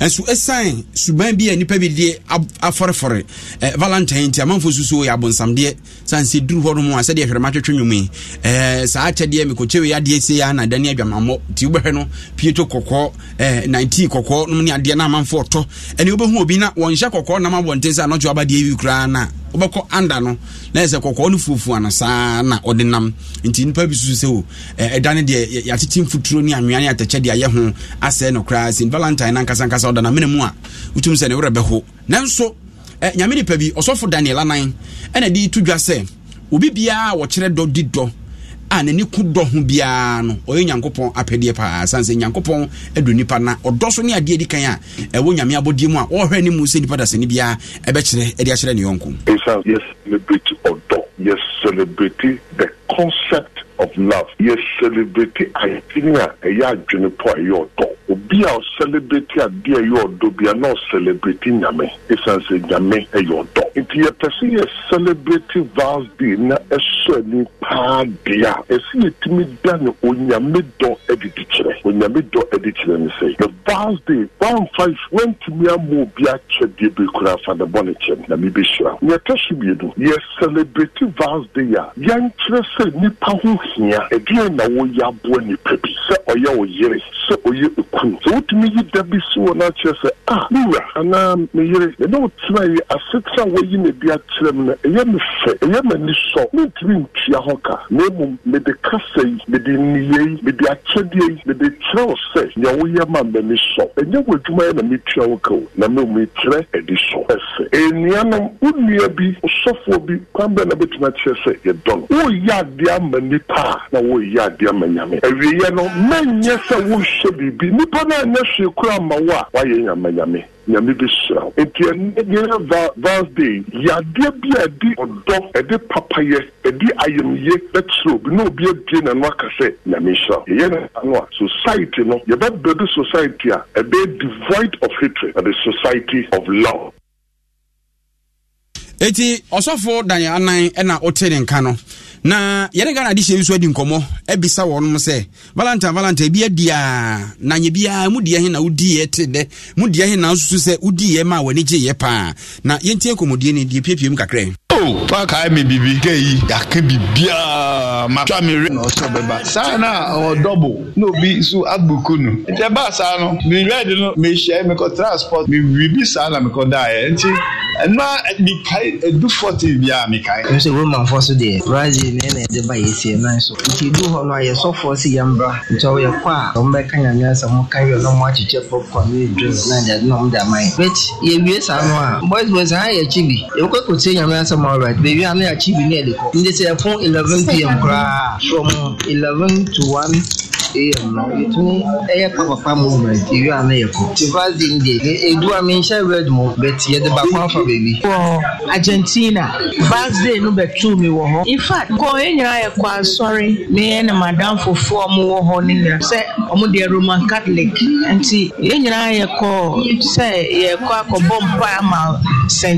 ɛnso ɛsan suban bi a nipa bi deɛ afɔrefɔre ɛ eh, valentine ti amanfo soso yɛ abonsamdeɛ san se duru hɔ nom a sɛdeɛ hwɛrɛma twɛtwɛ nwom yi ɛɛ eh, saa kyɛdeɛ mekɔkyɛ wei adeɛ se ya na dani adwamammɔ ti wobɛhwɛ no pieto kɔkɔɔ ɛɛ eh, nineteen kɔkɔɔ nom ne adeɛ na amanfo ɔtɔ ɛne wobɛhu obi na wɔnhyɛ kɔkɔɔ nam abɔnten sɛ anɔtwe aba deɛ bi koraa na wobɛkɔ anda no na ɛsɛ kɔkɔɔ no fuofuo ano saa na ɔde nam nti nipa bi soso sɛ o ɛda ne deɛ yɛatete mfuturo ne anwea ne atɛkyɛ deɛ ayɛ ho asɛe no koraa sɛ valentine no ankasankasa sɛ ɔda namene mu a wotumi sɛ ne werɛ bɛho nanso eh, nyame nipa bi ɔsɔfo daniel anan ɛna de to dwa sɛ obi biara wɔkyerɛ dɔ di dɔ a n'ani ku dɔ ho biara no ɔyɛ nyankopɔn apɛdeɛ paa san sɛ nyankopɔn adu nipa na ɔdɔ so ne adeɛ di kan a ɛwɔ nyame abɔdeɛ mu a wɔhwɛ ne mu sɛ nipa dasani biara ɛbɛkyerɛ de akyerɛ ne yɔnko yɛ celebrating the concept of love yɛ celebrating idea a ɛyɛ adwenepɔ a ɛyɛ ɔdɔ obi a ɔcelebrate adeɛ a ɛyɛ ɔdɔ bia na ɔcelebrate nyame esan sɛ nyame ɛyɛ ɔdɔ nti yɛpɛ sɛ yɛ celebrate vows day na ɛsɔ ani paa deɛ a ɛsɛ yɛtumi da me onyame dɔ adidi kyerɛ onyame dɔ adi kyerɛ ne sɛ the vows day wamfa wantumi ama obi akyɛ deɛ bi koraa fa ne bɔne kyɛ no na mebɛhyira yɛtɛ so mmienu yɛ celebrating vals de yɛ a yɛnkyerɛ sɛ nnipa ho hia ɛdeɛn na woyɛ aboa nnipa bi sɛ ɔyɛ wo yere sɛ ɔyɛ ekunu sɛ wotumi yi da bi si wɔ no akyerɛ sɛ a me wura anaa me yere ɛne wo tena yi asetena a wɔyi ne de akyerɛ m no ɛyɛ me fɛ ɛyɛ m'ani sɔ mentumi ntua ho ka na mmom mede kasa yi mede nniyɛ yi mede akyɛdeɛ yi mede kyerɛ wo sɛ nea woyɛ ma m'ani sɔ ɛnyɛ wɔ adwuma yɛ na metua wo ka o na mmom mekyerɛ adi sɔ ɛsɛ ɛnuanom wo nnua bi sɔfoɔ bi kwan bɛn na bɛtumi asoma kyerɛ sɛ yɛdɔ no woyɛ adeɛ ama nipa a na woyɛ adeɛ ama nyame awieɛ no mɛnyɛ sɛ wohyɛ biribi nipa no anyɛ hwee kora ma wo a woayɛ nyama nyame nyame bi hyira wo nti ɛnɛyɛ valsday yadeɛ bi a ɛde ɔdɔ ɛde papayɛ ɛde ayamye bɛkyerɛ obi na obi abie n'ano aka sɛ nyame hyira wo yɛyɛ no ano a society no yɛbɛbɛdu society a ɛbɛyɛ devoid of hatred but the society of love Eti, ɔsɔfo daniel anan ɛna ɔte ne nka no na yɛne ghana de bi so adi nkɔmmɔ abisa e wɔnom sɛ valentine valentine bi adia na nyɛ biaa mu deɛ he na wodiiɛ te dɛ mu deɛ he na nsusu sɛ wodiiɛ ma a w'ani gyeeɛ paa na yɛntie kɔmmɔdie ne deɛ piepiem kakra o fa kae me biribi ka yi yɛaka biribiaa matwa me re na ɔsɛ bɛba saa no a ɔwɔ dɔbo na obi nso abuku no nti ɛbaa saa no meredi no mehyia mekɔ transport mebiribi saa na mekɔ daeɛ nti ɛno a mekae ɛdu fɔte biaa mekae sɛ romanfoɔ so deɛ brazil ne na ɛde ba yɛsie nan so nti ɛdu hɔ no a yɛsɔfoɔ se yɛmbra nti ɔyɛ kɔ a ɔmbɛka nyameasɛ mo ka wɛ na mo akyekyɛ popcorn ne drink na deɛ de na ɔmde ama yɛ but yɛwie saa no a boys boys ha yɛ akyi bi yɛwokɔ kɔtie nyameasɛm alright baabi a na yɛ akyi bi ne yɛ de 11 nti sɛ pm from 11 to one. iyo ɛyɛ movement na yɛ kɔ tivazi ndi edu a mehyɛ red mu but yɛde baako afa baabi. wɔ argentina bags mi wɔ hɔ in fact yɛn nyinaa yɛ kɔ asɔre ne yɛn madam fofoɔ ɔmo wɔ hɔ ne nyinaa sɛ ɔmo deɛ roman catholic nti yɛn nyinaa yɛ kɔ sɛ yɛ kɔ mpa ama st kyɛ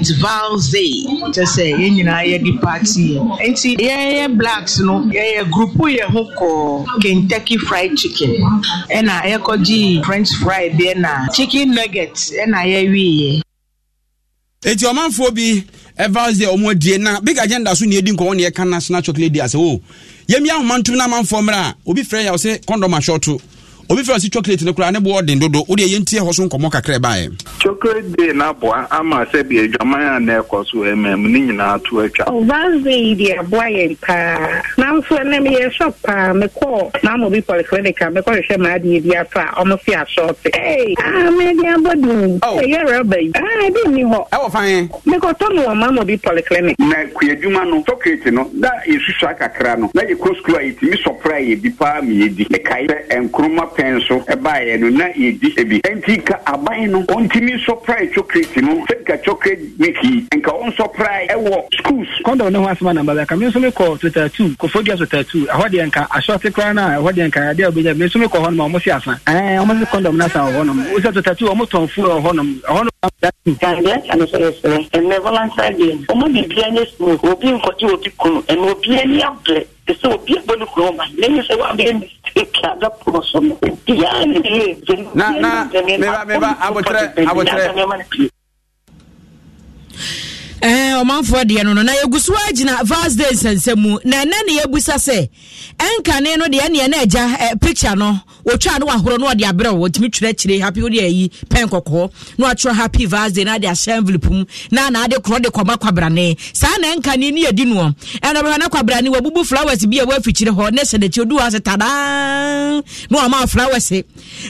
nti blacks no group eh, ho kɔ kentucky fried fried chicken ɛna yɛkɔgyee french fry bi ɛna chicken nugget ɛna yɛwieɛ eti ɔmanfoɔ bi ɛvaas deɛ ɔmo adie na big agenda so nea edi nkɔmɔ nea ɛka national chocolate di ase o oh, yɛmi ahoma ntum na amanfoɔ mmerɛ a obi frɛ yà ɔsɛ kɔndɔm asɔɔto obi fɛ ɔsi chocolate no koraa ne boɔ den dodo wode yɛ ntie hɔ so nkɔmmɔ kakra baɛ chocolate day no aboa ama sɛ bi adwaman a na ɛkɔ so mm ne nyinaa to atwa vanzei oh, deɛ ɛboa yɛn paa nanso ɛnɛ meyɛ shop paa mekɔɔ naama bi polyclinic a mekɔhwehwɛ maadeɛ bi afa a ɔmo se asɔɔte ah, mede abɔ dum oh. ɛyɛ rɔba yi ɛbi ah, nni hɔ ɛwɔ fan mekɔtɔ no wɔ maama bi polyclinic na kuadwuma no chocolate no na yɛsusua kakra no na yɛkɔ skul a yɛtumi sɔprɛ a yɛdi paa meyɛdi mekae sɛ nkroma p pɛn so ɛbaeɛ no na yɛdi ebi ɛnti ka aban no ɔntumi nsɔprae chocolate no sɛnka chocolate milk yi nka ɔnsɔprae ɛwɔ schools kɔndɔm ne ho asɛm anamba bɛka me nso mekɔ tota two kɔfodua tota two ɛhɔ deɛ nka asɔte koraa no a ɛhɔ deɛ nka adeɛ wobɛnya me nso mekɔ hɔ nom a ɔmo se asa ɔmo se kɔndɔm no asa wɔ hɔ nom wosɛ tota two ɔmo tɔn fuo wɔ nom ɛhɔ no Gambia and Sɛsɛ ɛmɛ volunteer Sɛ obi o ne kuro ma ne yɛ sɛ waabɛyɛ mistake não não so no biaa ne yɛ na na meba ɔmanfoɔ eh, deɛ no no na yɛgu so agyina vast day nsɛnsɛm mu na ɛnɛ ne yɛbusa sɛ ɛnkane no deɛ ɛneɛ na agya eh, picture no wɔtwa no wahoro no ɔde aberɛ wɔtumi twerɛ kyire happy wode ayi pɛn kɔkɔɔ na watwerɛ happy vast day na ade ahyɛ envelope mu na anaade korɔ de kɔma kwabrane saa na ɛnkane ne yɛdi noɔ ɛna bɛhwɛ na kwabrane wabubu flowers bi a wɔafikyire hɔ ne sɛdakyi ɔdu ase tadaa na ɔma flowers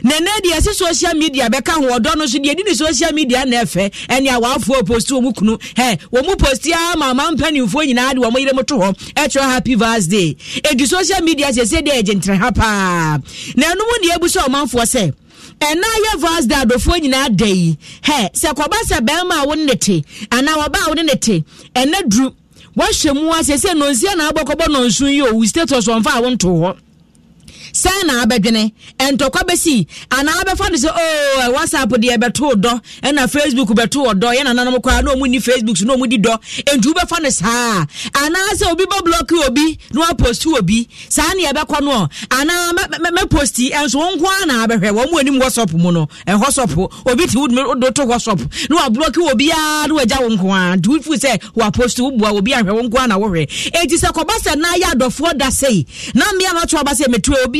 na ɛnɛ deɛ social media bɛka ho ɔdɔ no social media na ɛfɛ ɛne awafoɔ post wɔ wɔn mu posti ama ama mpanimfoɔ nyinaa de wɔn yere mu to hɔ ɛtwerɛ e happy birthday. E day edu social media sɛsɛ deɛ ɛgye ntena ha paa na ɛnum deɛ ebu sɛ ɔmanfoɔ sɛ ɛna e ayɛ vas da adɔfoɔ nyinaa da yi hɛ sɛ kɔba sɛ bɛrima a wo ne te anaa ɔba a wo ne te ɛna duru wɔahyɛ mu asɛ sɛ nonsia na abɔkɔbɔ nonso yi o wu status ɔmfa a wo hɔ sɛn na abɛdwene ntɔkwa bɛsi anaa abɛfa no sɛ o whatsapp deɛ bɛtoo dɔ ɛna facebook bɛtoo dɔ yɛ nananom koraa na ɔmu ni facebook so na ɔmu di dɔ nti wobɛfa no saa anaasɛ obi bɔ block obi na waposti obi saa ne yɛbɛkɔ no anaa mɛposti ɛnso wo nko a na abɛhwɛ wɔn mu anim whatsapp mu no ɛhɔ sɔp obi te wodo to hɔ sɔp e na wablock obiaa na wagya wo nko a nti wofu sɛ waposti woboa obi ahwɛ wo nko a na wohwɛ enti sɛ kɔba sɛ na adɔfoɔ da sei na mmea no atoa ba sɛ metua obi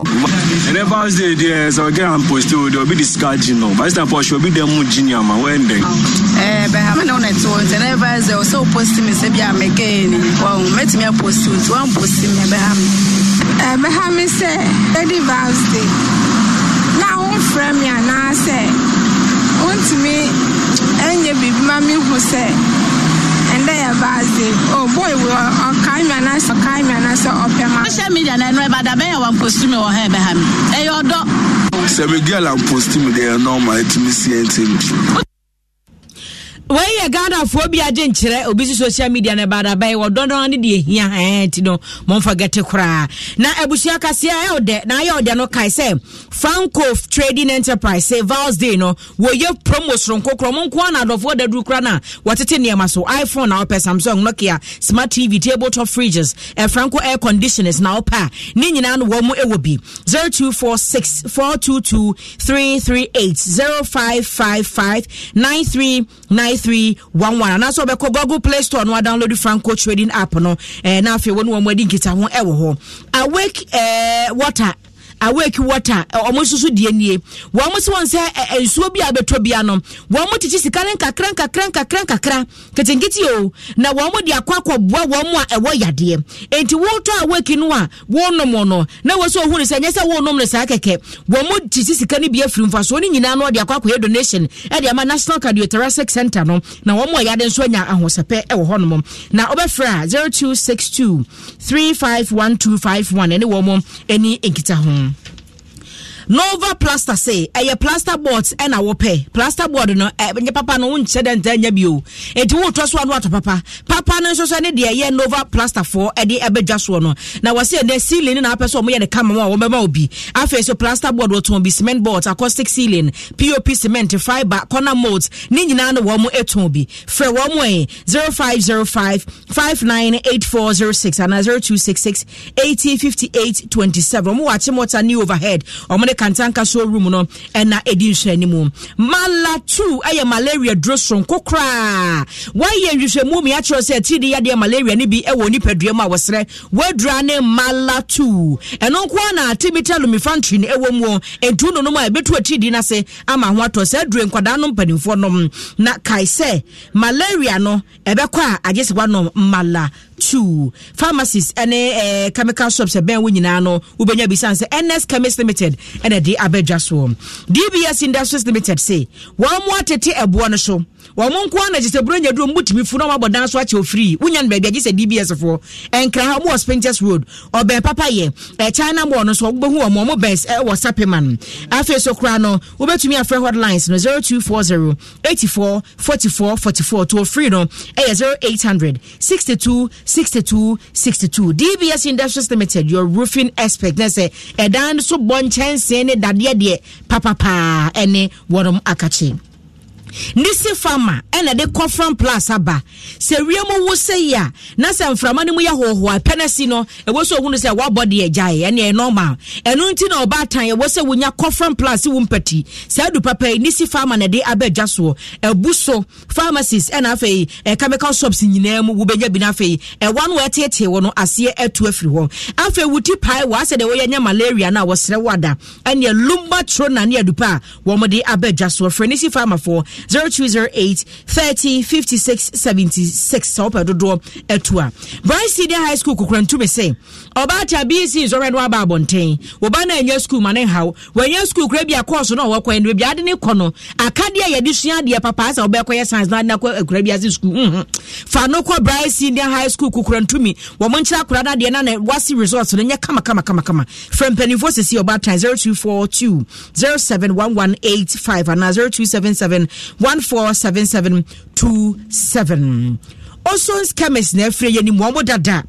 Reverse Day there, so again oh, I'm posting there will be the gino. By this time be the moon genius man when then. Eh, but I'm not on it once. Reverse also me say be am again. Wow, met me post it. One me be am. Eh, be am say Now on frame ya na say. ma ɛndɛ yɛ baase o oh, boy wɔ ɔkae mi anaasɛ ɔkae mi anaasɛ ɔpɛ ma. social media na ɛnu ɛbada bɛyɛ wɔn post mi wɔ ha ɛbɛ ha mi ɛyɛ ɔdɔ. sɛ mi girl am post mi deɛ normal ɛtumi si ɛntɛm bi. wɔyɛ ghanafoɔ bi agye nkyerɛ obi so social media no baadabɛi wɔdɔdɔn ne deɛ hia nti no mɔmfa gɛte koraa na abusua kaseɛ ɛyɛ ɔdɛ na ayɛ ɔdɛ no kae sɛ franco trading enterprise sɛ vals day no wɔyɛ promo soronko korɔ mo nko ana adɔfoɔ da duru kora no a wɔtete nneɛma so iphone na wɔpɛ samsung nokia smart tv table top fridges eh, franco air conditioners na wɔpɛ a ne nyinaa no wɔn mu ɛwɔ bi 0246 5311 anaasɛ wobɛkɔ google play store no adownload franco trading app no eh, na afei wɔne wɔn mu adi nkita ho ɛwɔ hɔ awake eh, water awake water ɔmo eh, nso so deɛ nie wɔn mo sɛ wɔn sɛ nsuo bi a bɛtɔ bia no wɔn tete sika ne nkakra nkakra nkakra nkakra nketenkete o na wɔn mo de akɔ akɔboa wɔn mo a ɛwɔ eh, yadeɛ nti wɔtɔ awake no a wɔnom no na wɔn nso ohun sɛ nyɛ sɛ wɔnom no saa kɛkɛ wɔn mo tete sika ne bi afiri nfa so ne nyinaa no ɔde akɔ akɔyɛ donation ɛde eh, ama national cardiothoracic center no na wɔn mo a yade nso anya ahosɛpɛ ɛwɔ hɔnom na ɔbɛfra zero two six two three five one two five one ɛne wɔn mo ani nkita ho. nova plaster se ɛyɛ plaster board ɛna wɔpɛ plaster board no ɛnyɛ eh, papa no wonkyɛ dɛ ntaa nya bio enti wotɔ so ano atɔ papa papa no nso so ne deɛ ɛyɛ nova plasterfoɔ ɛde eh, ɛbɛdwa soɔ no na wɔse ɛnɛ ceiling no na apɛ sɛ ɔmoyɛ ne kama mu a wɔbɛma wo bi afei so plaster board wɔtɔn bi cement board acoustic ceiling pop cement fiber corner mold ne nyinaa no wɔn ɛtɔn bi frɛ wɔn ɛ 0505 598406 anaa 0266 ɔmo wɔ akyemɔta new overhead ɔmo ne akantanka so room no ɛna ɛdi nhwɛ anim mala two ɛyɛ malaria duro soronko koraa wayɛ nhwehwɛmu mi akyerɛ sɛ di yadeɛ malaria no bi ɛwɔ nipadua mu a wɔsrɛ wadura ne mala two ɛno nko ara na atimita lumifantry no ɛwɔ mu ɛntu nonom a ɛbɛtu atidi no ase ama ho atɔ sɛ adure nkwadaa no mpanimfoɔ nom na kae malaria no ɛbɛkɔ a agye sɛ wanom mala two pharmacies ɛne eh, chemical shops ɛbɛn wo nyinaa no wobɛnya bisan sɛ ns chemist limited ɛna de abɛdwa soɔ dbs industries limited se wɔn mu atete ɛboɔ no so wɔn nko ara na gye sɛ buronya duro mo tumi fu na wɔn abɔ dan so akyɛ ofiri wonya no baabi agye sɛ dbs foɔ nkira ha wɔ spintex road ɔbɛn papa yɛ ɛ china mall no so wɔbɛhu wɔn wɔn bɛn ɛwɔ sapeman afei so koraa no wɔbɛtumi afrɛ hotline no zero two four zero eighty four forty four forty four to ofiri no ɛyɛ zero eight hundred sixty two sixty two sixty two dbs industries limited your roofing expert na sɛ ɛdan so bɔ nkyɛnsee ne dadeɛ deɛ papapaa ɛne wɔn akakye nisi fama ɛna de kɔfran plus aba sɛ wiem wo sɛ yi a na sɛ mframa no mu yɛ hoahoa pɛ no si no ɛwɔ sɛ ohunu sɛ woabɔ deɛ gyae ɛne ɛnɔmal ɛno nti na ɔbaatan ɛwɔ sɛ wonya kɔfran plus wo mpati saa adu papa yi nisi fama na de aba adwa soɔ ɛbu so pharmacies ɛna afei ɛ chemical shops nyinaa mu wobɛnya bi no afei ɛwa no wɔɛteetee wɔ no aseɛ atu afiri hɔ afei wuti pae wɔasɛ deɛ wɔyɛ malaria no a wɔserɛ wo ada ɛneɛ ne adupa a wɔmde aba adwa soɔ frɛ nisi famafoɔ Zero two zero eight thirty fifty six seventy six. 30 56 76 sɛ wopɛ dodoɔ atu a bright senior high school kokorantume se ɔbaata bc nsɔre no aba abɔnten wɔba no anya school ma ne nhaw wɔanya school kora bi a kɔɔso no wɔkɔɛ no baabi ade ne kɔ no akadeɛ a yɛde sua adeɛ papa sɛ wobɛkɔyɛ science na adena akura bi ase school mm fa no kɔ bright senior high school kokorantumi wɔmo nkyerɛ akora no adeɛ na na wase Kama kama nyɛ kamakamamakama frɛ mpanimfoɔ sɛsi ɔbaatan 0242 071185 anaa zero two seven seven one four seven seven two seven. osons chemist na afiri yɛ ni mu dada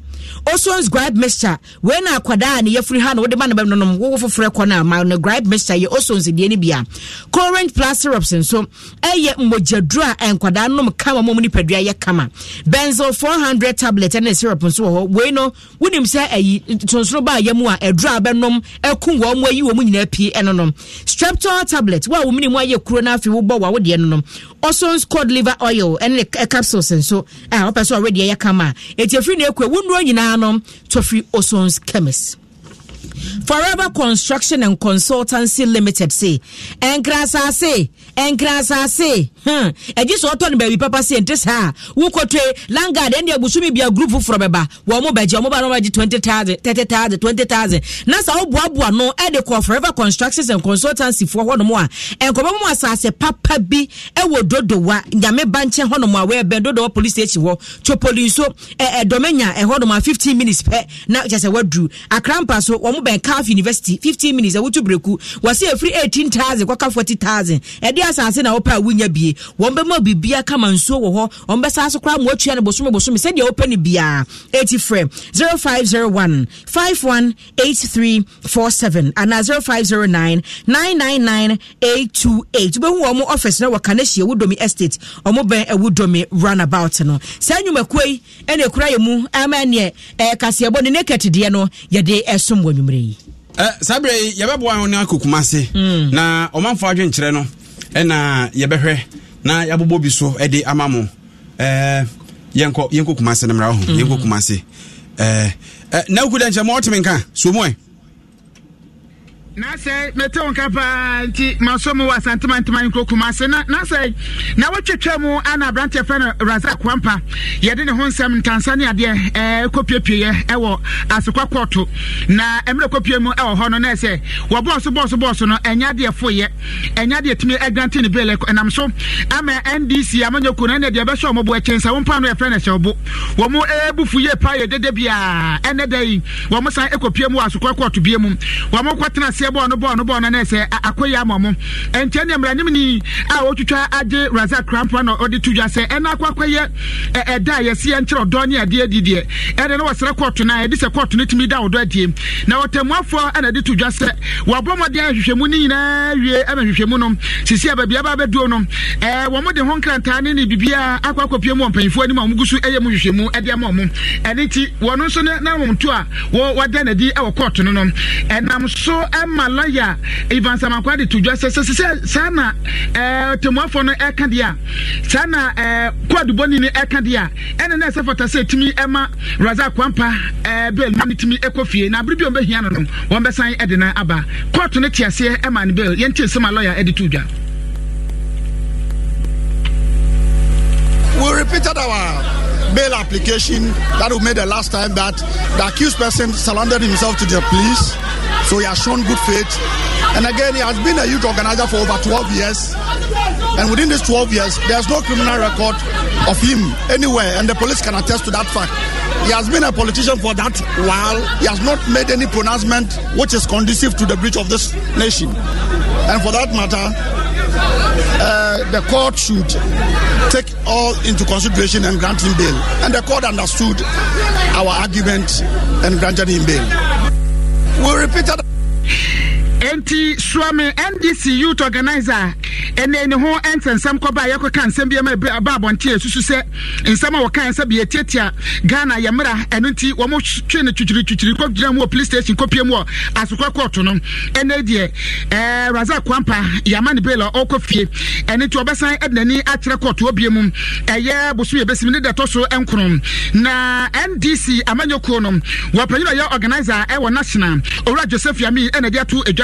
osons gripe mixture wei na akwadaa a ne yɛfiri ha na wɔde ma ne bɛm nonom wowo foforɔ kɔ no ama no gripe mixture yɛ osons deɛ no bia current plus syrups nso ɛyɛ e mmogyaduro a nkwadaa nom kama mom nipadua yɛ kama benzel 400 tablet ne syrup nso wɔ hɔ wei no wonim sɛ ayi sonsoro ba yɛ mu a ɛduro a bɛnom ɛko wɔn mu ayi wɔn mu nyinaa pii ɛno nom streptol tablet wo a wɔn mu ayɛ kuro no afei wobɔ wɔ awodeɛ no osons cod liver oil ɛne capsules nso a sɛ kama a ɛti nyinaa no tɔfiri osons forever construction and consultancy limited say nkrasa say nkra asase ɛgye hmm. sɛ ɔtɔ no baabi papa se nte saa wokɔtwe langard ɛne abusumi bia group foforɔ bɛba wɔ mo bɛgye ɔmo ba no bɛgye 20000 30000 20000 na saa woboaboa no ɛde kɔ forever constructions and consultancyfoɔ hɔnom a nkɔmɔ mu asase papa bi ɛwɔ e dodowa nyame ba nkyɛn hɔnom a wɔɛbɛn dodowa police station hɔ topoli nso ɛɛ e, e, dɔmɛnya ɛhɔnom a 15 minutes pɛ na kyɛ sɛ waduru akrampa so wɔn bɛn calf university 15 minutes ɛwotu breku wɔsi efiri 18000 kɔka 40000 ɛde baabi asase na wopɛ a wonya bie wɔn bɛma biribia kama nsuo wɔ hɔ wɔn bɛsa so koraa mmoatua no bosome bosome sɛdeɛ wopɛ no biaa ɛti frɛ 0501 518347 anaa 0509 999828 wobɛhu wɔ mo office na wɔka no hyia wodomi estate ɔmo bɛn ɛwodomi runabout no saa nnwumakuo yi ɛna ɛkura yɛ mu ɛma neɛ ɛyɛ kaseɛbɔ ne naked deɛ no yɛde ɛsom wɔ anwummerɛ yi saa berɛ yi yɛbɛboa ho ne akɔkuma se hmm. na ɔmanfoɔ adwenkyerɛ no ɛna yɛbɛhwɛ na yɛabobɔ bi so de ama mo yɛnkɔ kumase no mmara wo ho yɛnkɔ mhm. kumase na wokuda nkyɛ ma wɔteme nka so mu ɛ na sɛ mete wo nka paa nti masɔ mu wɔ asantemanteman nkurokuma se na sɛ na wotwetwa mu ana aberanteɛ frɛ no razak wampa yɛde ne ho nsɛm ntansa ne adeɛ eh, kɔpuepueɛ ɛwɔ eh, asekwa kɔɔto na ɛmerɛ kɔpue mu ɛwɔ eh, hɔ no na sɛ wɔbɔɔso bɔɔso bɔɔso no ɛnyɛ adeɛ foyɛ ɛnyɛ adeɛ tumi agrante ne bele ɛnam so ama ndc amanya ko no ɛne deɛ ɛbɛhyɛ ɔmɔbo akyin sɛ wompa no yɛfrɛ no ɛhyɛ wo bo wɔ mo ɛbufu yie paa yɛ dede biaa ɛnɛ da yi wɔ mo san ɛkɔpue mu wɔ asekwa kɔɔto bie mu wɔ mo kɔtena se aseɛ bɔɔl no bɔɔl no bɔɔl no na ɛsɛ akɔyɛ ama mo nkyɛn ne mmeranim ni a wɔtwitwa agye raza krampa na ɔde tu dwa sɛ ɛna akɔ akɔyɛ ɛda yɛsi ɛnkyerɛ ɔdɔ ne adeɛ di deɛ ɛna na wɔsrɛ kɔɔto na ɛde sɛ kɔɔto no tumi da ɔdɔ adie na ɔtɛmuafoɔ ɛna ɛde tu dwa sɛ wɔabɔ mmɔden ahwehwɛmu no nyinaa wie ɛma hwehwɛmu no sisi a baabi aba abɛduo no ɛɛ wɔn de ho nkrantaa ne ne bibia akɔ akɔpie mu ɔmpanyinfoɔ anim a wɔn gu so ɛyɛ mu hwehwɛmu ɛde ama wɔn ɛne ti wɔn nso ne na wɔ wɔde anadi ɛwɔ kɔɔto no no ɛnam ama lɔya ivansamakwa de to dwa sɛ sɛ saa na eh, temuafo no ɛka eh, deɛ a saa na eh, kwadubɔni no ɛka deɛ a ɛne na ɛsɛ fata sɛ ɛtumi ɛma raza kwampa bel ma no tumi ɛkɔ fie na abere wɔn bɛhia no no wɔn bɛsan ɛde na aba kɔɔto no te ɛma ne bel yɛntie sɛm a lɔya ɛde to dwa We repeated our bail application that we made the last time that the accused person surrendered himself to the police. So he has shown good faith. And again, he has been a youth organizer for over 12 years. And within these 12 years, there's no criminal record of him anywhere. And the police can attest to that fact. He has been a politician for that while. He has not made any pronouncement which is conducive to the breach of this nation. And for that matter, uh, the court should take all into consideration and grant him bail. And the court understood our argument and granted him bail. We repeated. enti soame ndc youth organiser ɛne ne ho nsɛnsɛm kɔba a yɛkɔka nsɛm bi ma ɛba abɔnte ɛsusu sɛ nsɛm a wɔkae sɛ biyɛtiatia ghana yɛmmera ɛno nti wɔmo twe no twitwiritwitwiri kɔgyina mu wɔ police station kɔpie mu wɔ asokɔ kɔɔto no ɛnɛ deɛ eh, raza kwampa yɛama ne ɔkɔ fie ɛno nti ɔbɛsan ɛde n'ani akyerɛ kɔɔto ɔbie mu ɛyɛ bosom yɛbɛsim ne da ɛtɔ so nkono na ndc amanyɔkuo no wɔpanyin a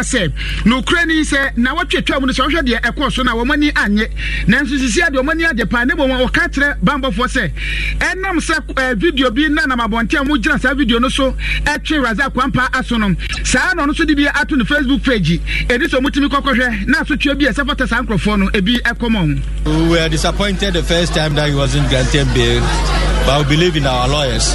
sɛ nokorɛ ni sɛ na wɔtwetwa mu no sɛ wɔhwɛ deɛ ɛkɔɔ so no wɔn ani anyɛ nanso sisi adeɛ wɔn ani agye paa ne bɔn wɔka kyerɛ bambɔfoɔ sɛ ɛnam sɛ ɛɛ video bi nanam abɔnten a mo gyina saa video no so ɛtwe raza kwampa aso no saa na ɔno nso de bi ato ne facebook page ɛdi sɛ ɔmotumi kɔkɔhwɛ na asotwe bi ɛsɛ fɔtɛ saa nkurɔfoɔ no ebi ɛkɔmɔ ho. we were disappointed the first time that he wasn't granted bail but we believe in our lawyers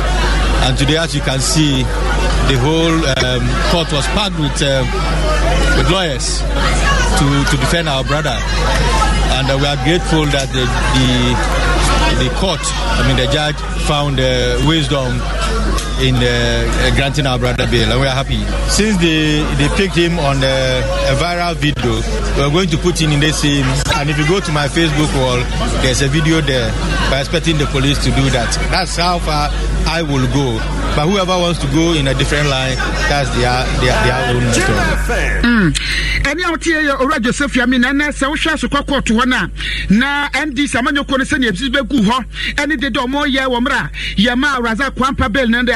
and today as you can see the whole um, court was packed with. Um, with lawyers to, to defend our brother. And uh, we are grateful that the, the, the, court, I mean, the judge found uh, wisdom in the uh, uh Grand Brother bail, and we are happy. Since they, they picked him on the, uh, a viral video, we are going to put in in the same. And if you go to my Facebook wall, there's a video there. By expecting the police to do that. That's how far I will go. But whoever wants to go in a different line, that's their their, their own story. ɛne a woteɛ yɛ owura joseph yame na ɛnɛ sɛ wohwɛ asokɔ kɔɔto hɔ no a na md samanyɔkɔ no sɛnea ɛbisi bɛgu hɔ ɛne de dɛ ɔmɔyɛ wɔ mmerɛ a yɛma awurasa kwampa bel no dɛ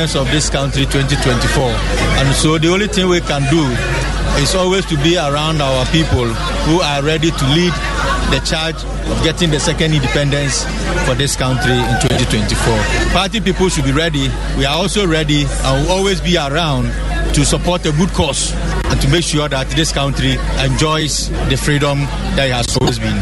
independence of this country 2024. And so the only thing we can do is always to be around our people who are ready to lead the charge of getting the second independence for this country in 2024. Party people should be ready. We are also ready and will always be around to support a good cause and to make sure that this country enjoys the freedom that it has always been.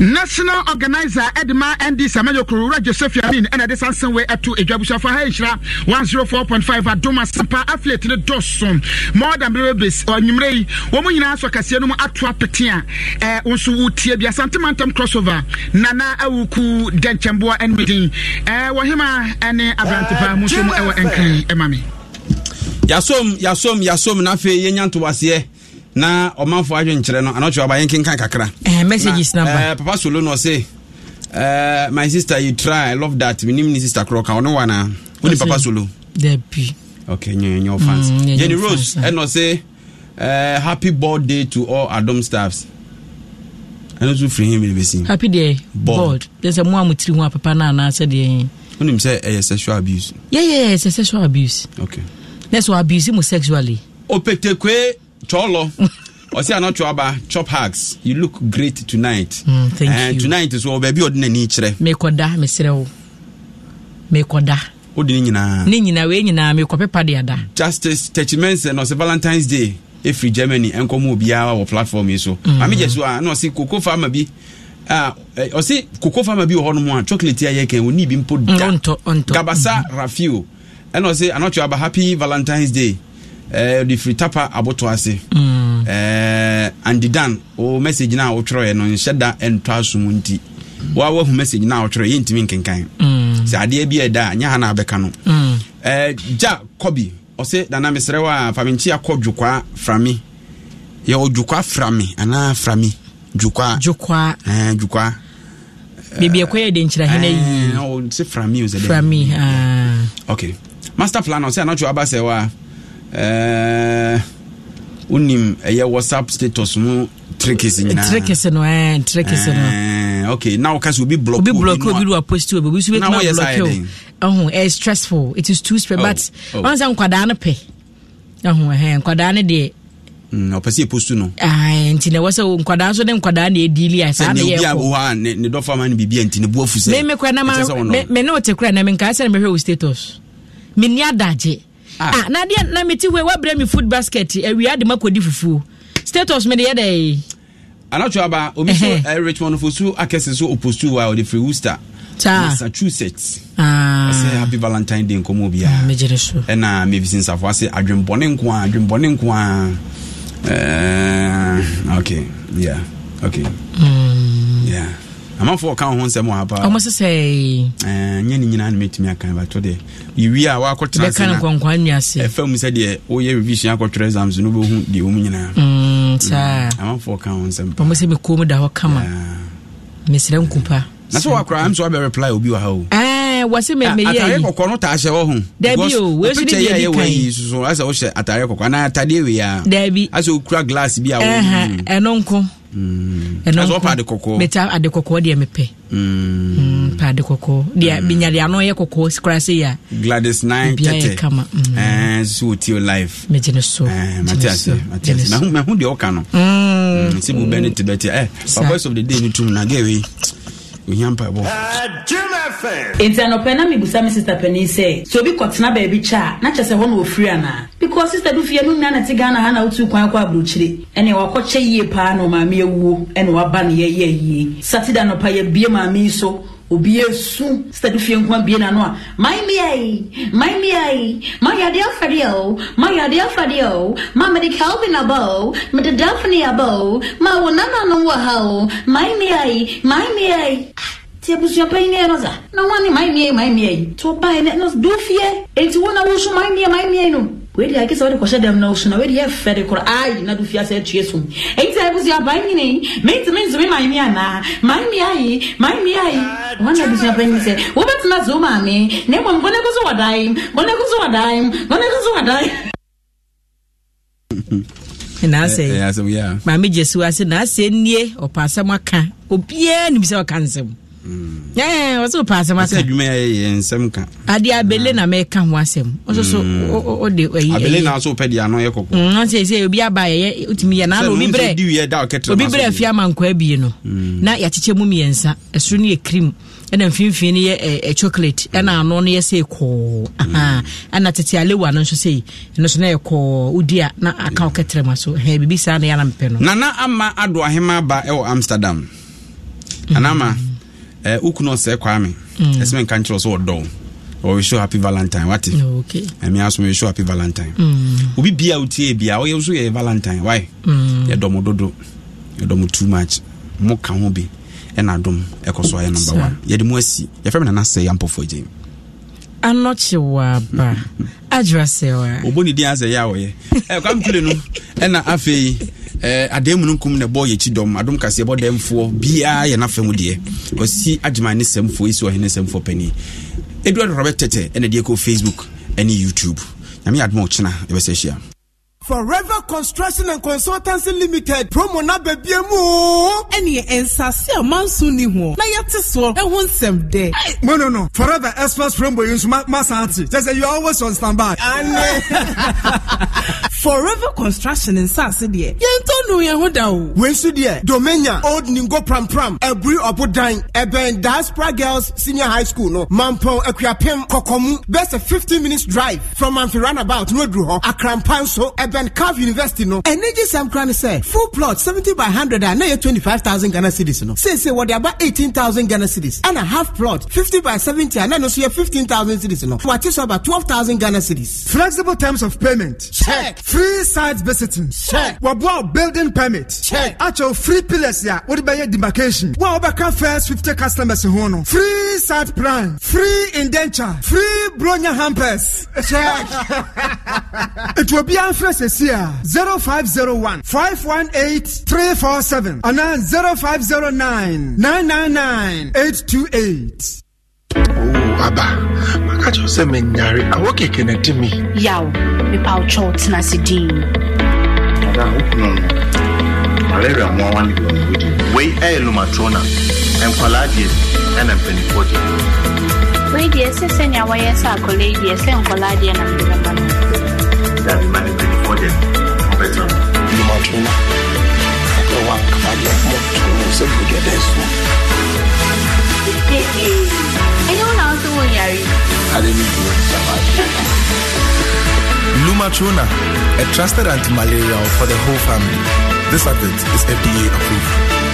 national organizer edema nd samayo kurura joseph yamin ɛna ɛde sansan wei ɛto adwabusuafo ha nhyira 104.5 adom asampa affiliate ne dɔso more than brebes ɔnwumerɛ yi wɔn mu nyinaa sɔ kaseɛ no mu ato apete a ɛɛ eh, nso wotie bi asantemantam crossover nana awuku dɛnkyɛnboa ɛne medin ɛɛ eh, wɔhema ɛne abrantepa mu nso mu ɛwɔ ɛnkan ɛma me yasom yasom yasom n'afei yɛnya ntowaseɛ na ɔmanfo adwenkyerɛ no anɔtwe aba yɛnkenka kakra eh, messages number papa solo no ɔse eh, my sister you try i love that menim ne sister korɔ ka ɔno wa na wone papa solo dabi okay nyɛnyɛ fans mm, jenny rose ɛna eh. ɔse uh, happy birthday to all adom staffs ɛno nso firi him ne bɛsi happy day board dɛ sɛ mo a motiri ho a papa no anaasɛ deɛ wonim sɛ ɛyɛ sexual abuse yɛyɛ yeah, yeah, sɛ sexual abuse okay na sɛ abuse mu sexually opetekwe Cholo. ɔsi anɔtwe aba chop hacks you look great tonight mm, thank uh, you. tonight so baabi ɔde n'ani kyerɛ mekɔda mesrɛ wo mekɔda wode ne nyinaa ne nyinaa wei nyinaa mekɔpepa de ada justice techimense eh, na ɔsɛ valentines day ɛfiri eh, germany ɛnkɔma obiara wɔ platform yi so mame mm. gye ah, so a na ɔse koko farma bi ɔse ah, koko farma bi wɔ hɔ nom a chocolate ayɛ kan ɔni bi mpo da gabasa mm. rafio ɛna ɔse anɔtwe aba happy valentines day ɔde eh, firi tapa aboto ase mm. eh, andidan o message no a wotwerɛɛ no nhyɛ da ɛntɔ asom nti wa wahu message no a wotwerɛ yɛntumi nkenkan mm. sɛ adeɛ bi ɛda a nyɛ ha no abɛka no mm. eh, gya kɔbi ɔse dana mesrɛ wo a famenkyi akɔ dwokwaa fra me yɛwɔ frami, fra me anaa fra me dwokwaa dwokwaa baabi ɛkɔ yɛ de nkyerɛhene yi sɛ frami, me sɛ fra me ah. okay master plan ɔsɛ anatwo aba sɛ wɔ ɛɛ eh, wonim ɛyɛ eh, whatsapp status mu tricks eh, nyinaa tricks no ɛɛ tricks no okay na woka sɛ obi block obi block obi do apost obi obi so bi stressful it is too stressful oh, but wɔn sɛ nkwadaa no pɛ ɛho ɛhɛn nkwadaa no deɛ ɔpɛ sɛ yɛpostu no nti na ɛwɔ sɛ nkwadaa nso ne nkwadaa na ɛdili a saa neyɛ hɔ a ne dɔfa ma no biribia nti ne boafu sɛ memekora na mene wote kora na menkaa sɛ mɛhwɛ wo status menni adagye Ah. ah na deɛ na meti wei wabrɛ me food basket awia de makɔdi fufuo status mede yɛ dɛ anatwo aba obi so uh, eh, richmond fosu akɛse so opostu wa ɔde firi worcester massachusetts ah. happy valentine day nkɔmmɔ biaa ah, ɛna mebisi nsafo ase adwembɔne nko a adwembɔne nko a uh, okay yeah okay mm. yeah amanfo ɔka ho nsɛm wɔ paa ɔmo sesɛe nyɛ ne nyinaa ne mɛtumi aka bato deɛ yɛwie a woakɔtena se ɛfa mu sɛ deɛ woyɛ revision akɔtwerɛ exams no wobɛhu deɛ wɔ mu nyinaa mm, mm. saa amanfo ɔka ho kama mesrɛ nkupa na sɛ wakora m so wabɛ reply obi wɔ ha o me mɛmɛ yɛ yi atare kɔkɔ no ta ahyɛ wɔ ho dabi o wosu ni deɛ di kan yi soso asɛ wohyɛ atare kɔkɔ anaa atadeɛ wei a dabi asɛ okura glass bi a wɔ mu mm. ɛno nko Mm. ɛnopɛ ade kɔkɔɔ deɛ mepɛ mm. mm, pɛ ade kɔkɔɔ deɛ menyadeɛ ano yɛ kɔkɔɔ kora sɛ yɛ gladys 9kama sɛ wɔtio life megyene eh, so mahu deɛ woka no sɛ bobɛ no tebɛtia eh, papa sɛ de de no tom na gɛwei nti anɔpɛ na mebusa me sister pani sɛ sɛ obi kɔtena baabi kyɛ a na kyɛ sɛ hɔ na ɔfiri anaa because sister bi fie no nna na te ghana ha na wotu kwan kɔ aburokyire ɛne wakɔkyɛ yie paa na ɔmaame awuo ɛne waba ne yɛyɛ yie satida anɔpa yɛbie maame yi so obi esu sitati fie nkuma bie n'ano a maa mi ai maa mi ai maa ya adeɛ afa deɛ o maa yɛ adeɛ o de calvin aba o de daphne aba ma maa na nananom wɔ ha o maa mi ai maa mi ai ti abu panyin yɛ no sa na wani ani mi ai maa mi ai to o ba no do fie eti wɔn wo wɔso maa mi ai maa mi ai no. wei deɛ akisɛ wode kɔhyɛ dɛm na woso na wei deɛ ɛfɛ de korɔ ayi na do fiasɛ atue so ɛnti abusuaba nyini menti mentumi man me anaa man me ayi man me ayi wɔne abusuaba nyini sɛ wobɛtena sɛ wo maame na mmom gɔne ko so wɔdae gɔne ko so wɔdae gɔne ko so wɔdae naasɛ maame gye siwa se naasɛ nnie ɔpɛ asɛm aka obiaa nim sɛ ɔka nsɛm wɔsɛ wopɛ asɛm asɛ adwuma yɛ nsɛm ka adeɛ abele na mɛka ho asɛm ɔso so wode mm. eh, abele eh, eh. na so wopɛ deɛ ano yɛ kɔkɔsɛsɛ mm, obi aba yɛyɛ wotumi yɛ nana obi berɛ afie ama nkoa bie no mm. na yɛakyekyɛ mu mmiɛnsa ɛsoro no yɛ krim ɛna mfimfini no yɛ chocolate ɛna ano no yɛ sɛ kɔɔ ɛna tete alewa no nso sɛ ɛno so na yɛ kɔɔ wodi na aka wo ma so biribi saa na yɛana mepɛ no nana ama ado ahema aba ɛwɔ amsterdam anama mm -hmm. Eh, wokunu ɔsɛ kwame ɛsɛ mɛ nka nkyerɛ sɛ ɔdɔ or happy valentine wati okay i eh, mean happy valentine mm. bia utie bia oyɛ so yɛ valentine why mm. yɛ dodo yɛ dɔm too much mo ka ho bi ɛna dɔm ɛkɔ so ayɛ number one yɛde mu asi yɛfrɛ me nana sɛ yampɔfoɔ gye anɔkyewaaba adwerɛ sɛ wa ɔbɔ ne din asɛ yɛ a wɔyɛ ɛkwamtule no ɛna eh, afei Eh, adan na ɛbɔ yɛkyi dɔm adom kaseɛ bɔ dɛmfoɔ biaa yɛ nafa mu deɛ ɔsi agyema ne sɛmfoɔ yi si ɔhene sɛmfoɔ pani eduard robert tɛtɛ ɛna deɛ kɔ facebook ɛne youtube nyame adoma ɔkyena ɛbɛsɛ hyia forever construction and consultancy limited promo na bẹbí mu. any ẹnsase a máa ń sun na yà ti sọ ẹ hún sẹm no no no forever express promo yìí nsọ ma san ti jẹ you always on standby. forever construction nsaase deɛ yɛntɔ nu yɛn ho da o. wei so deɛ domenya old ningo prampram ebiri ɔbodan ɛbɛn diaspora girls senior high school no mampɔn akuapem kɔkɔmu bɛsɛ a fifteen minutes drive from amfi runabout no aduru hɔ akrampa nso ɛbɛn calf university no ɛnɛgye sam kra ne sɛ full plot seventy by hundred a na yɛ twenty five thousand ghana cedis no seesei wɔde aba eighteen thousand ghana cedis ɛna half plot fifty by seventy a na no so yɛ fifteen thousand cedis no wɔate so aba twelve thousand ghana cedis. flexible terms of payment check. free site visiting. check wɔboa building permit. check Actual free pillars a wɔde bɛyɛ demarcation. wɔn a wɔbɛka first fifty customers in no. free site plan free indenture free bronya hampers. check It etu obi anfrɛ sɛsi a zero five zero one five one eight three four seven ana zero five zero nine nine nine nine eight two eight. Oh, aba maka kyerɛ sɛ menyare awɔ keke na di me yaw mepa wotwɛ wo tena ase din ada wokunu no malaria mmoawa ne bɛmudi wei ɛyɛ lomatrona nkwalaa deɛ ɛna mpanimfoɔ deɛ wei deɛ ɛsɛ sɛnea wɔyɛ sɛ akɔla yi deɛ sɛ nkwalaa deɛ na mede bɛma no dabi ma ne mpanimfoɔ deɛ ɔbɛtɔ no lomatrona ɛwɔ ankama deɛ mmɔtɔ no sɛ bodeɛ dɛ so to get you. Anyone else who will marry? I did a trusted anti-malarial for the whole family. This advert is FDA approved.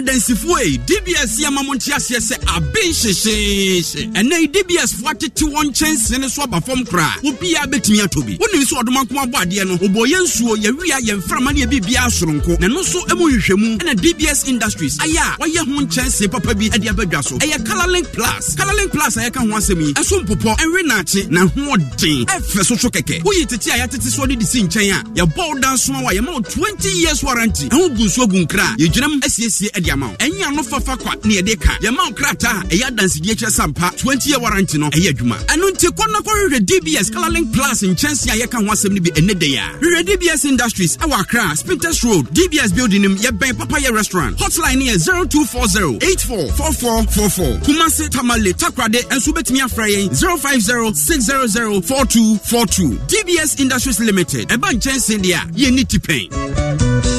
adansifoɔ yi dbs yɛ ma mo nte aseɛ sɛ abe nhyehyeehye ɛnɛ yi dbs foɔ atete wɔn nkyɛnsee ne so aba fam koraa wobiaa bɛtumi atɔ bi wonim sɛ ɔdoma nkoma abɔ adeɛ no wɔbɔ yɛn nsuo yɛwia yɛmframa ne yɛbirbiaa soronko na ɛno nso mu nhwehwɛmu ɛna dbs industries ayɛ a wɔyɛ ho nkyɛnsee papa bi de abadwa so ɛyɛ colorlink plus colorlink plus a yɛka ho asɛm yi ɛso mpopɔ ɛnwe naakye na hoɔden ɛfɛ so so kɛkɛ woyi tete a yɛatete soɔ de de si nkyɛn a yɛbɔ wo da nso yɛma wo 20 years warranty ɛho gu nsuo gu nkra a yɛgyinam asiesie de de ama wo ɛnyɛ ano fafa kwa ne yɛde ka yɛma wo krataa a ɛyɛ adansedie kyerɛ sampa 20 year warranty no ɛyɛ adwuma ɛno nti kɔ na kɔhwehwɛ dbs colorlink plus nkyɛnse a yɛka ho asɛm no bi ɛnɛ dɛ a hwehwɛ dbs industries ɛwɔ akra spintes road dbs building nim yɛbɛn papayɛ restaurant hotline ne yɛ 0240 844444 kumase tamale takrade nso wobɛtumi afra yɛn 0506004242 dbs industries limited ɛba nkyɛnse deɛ a yɛnni tipɛn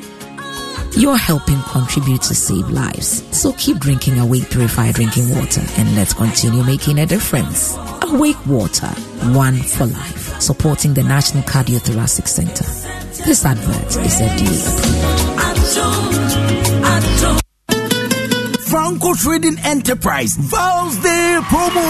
you're helping contribute to save lives. So keep drinking Awake Purified Drinking Water and let's continue making a difference. Awake Water, one for life. Supporting the National Cardiothoracic Center. This advert is FDA approved. Franco Trading Enterprise Val's promo.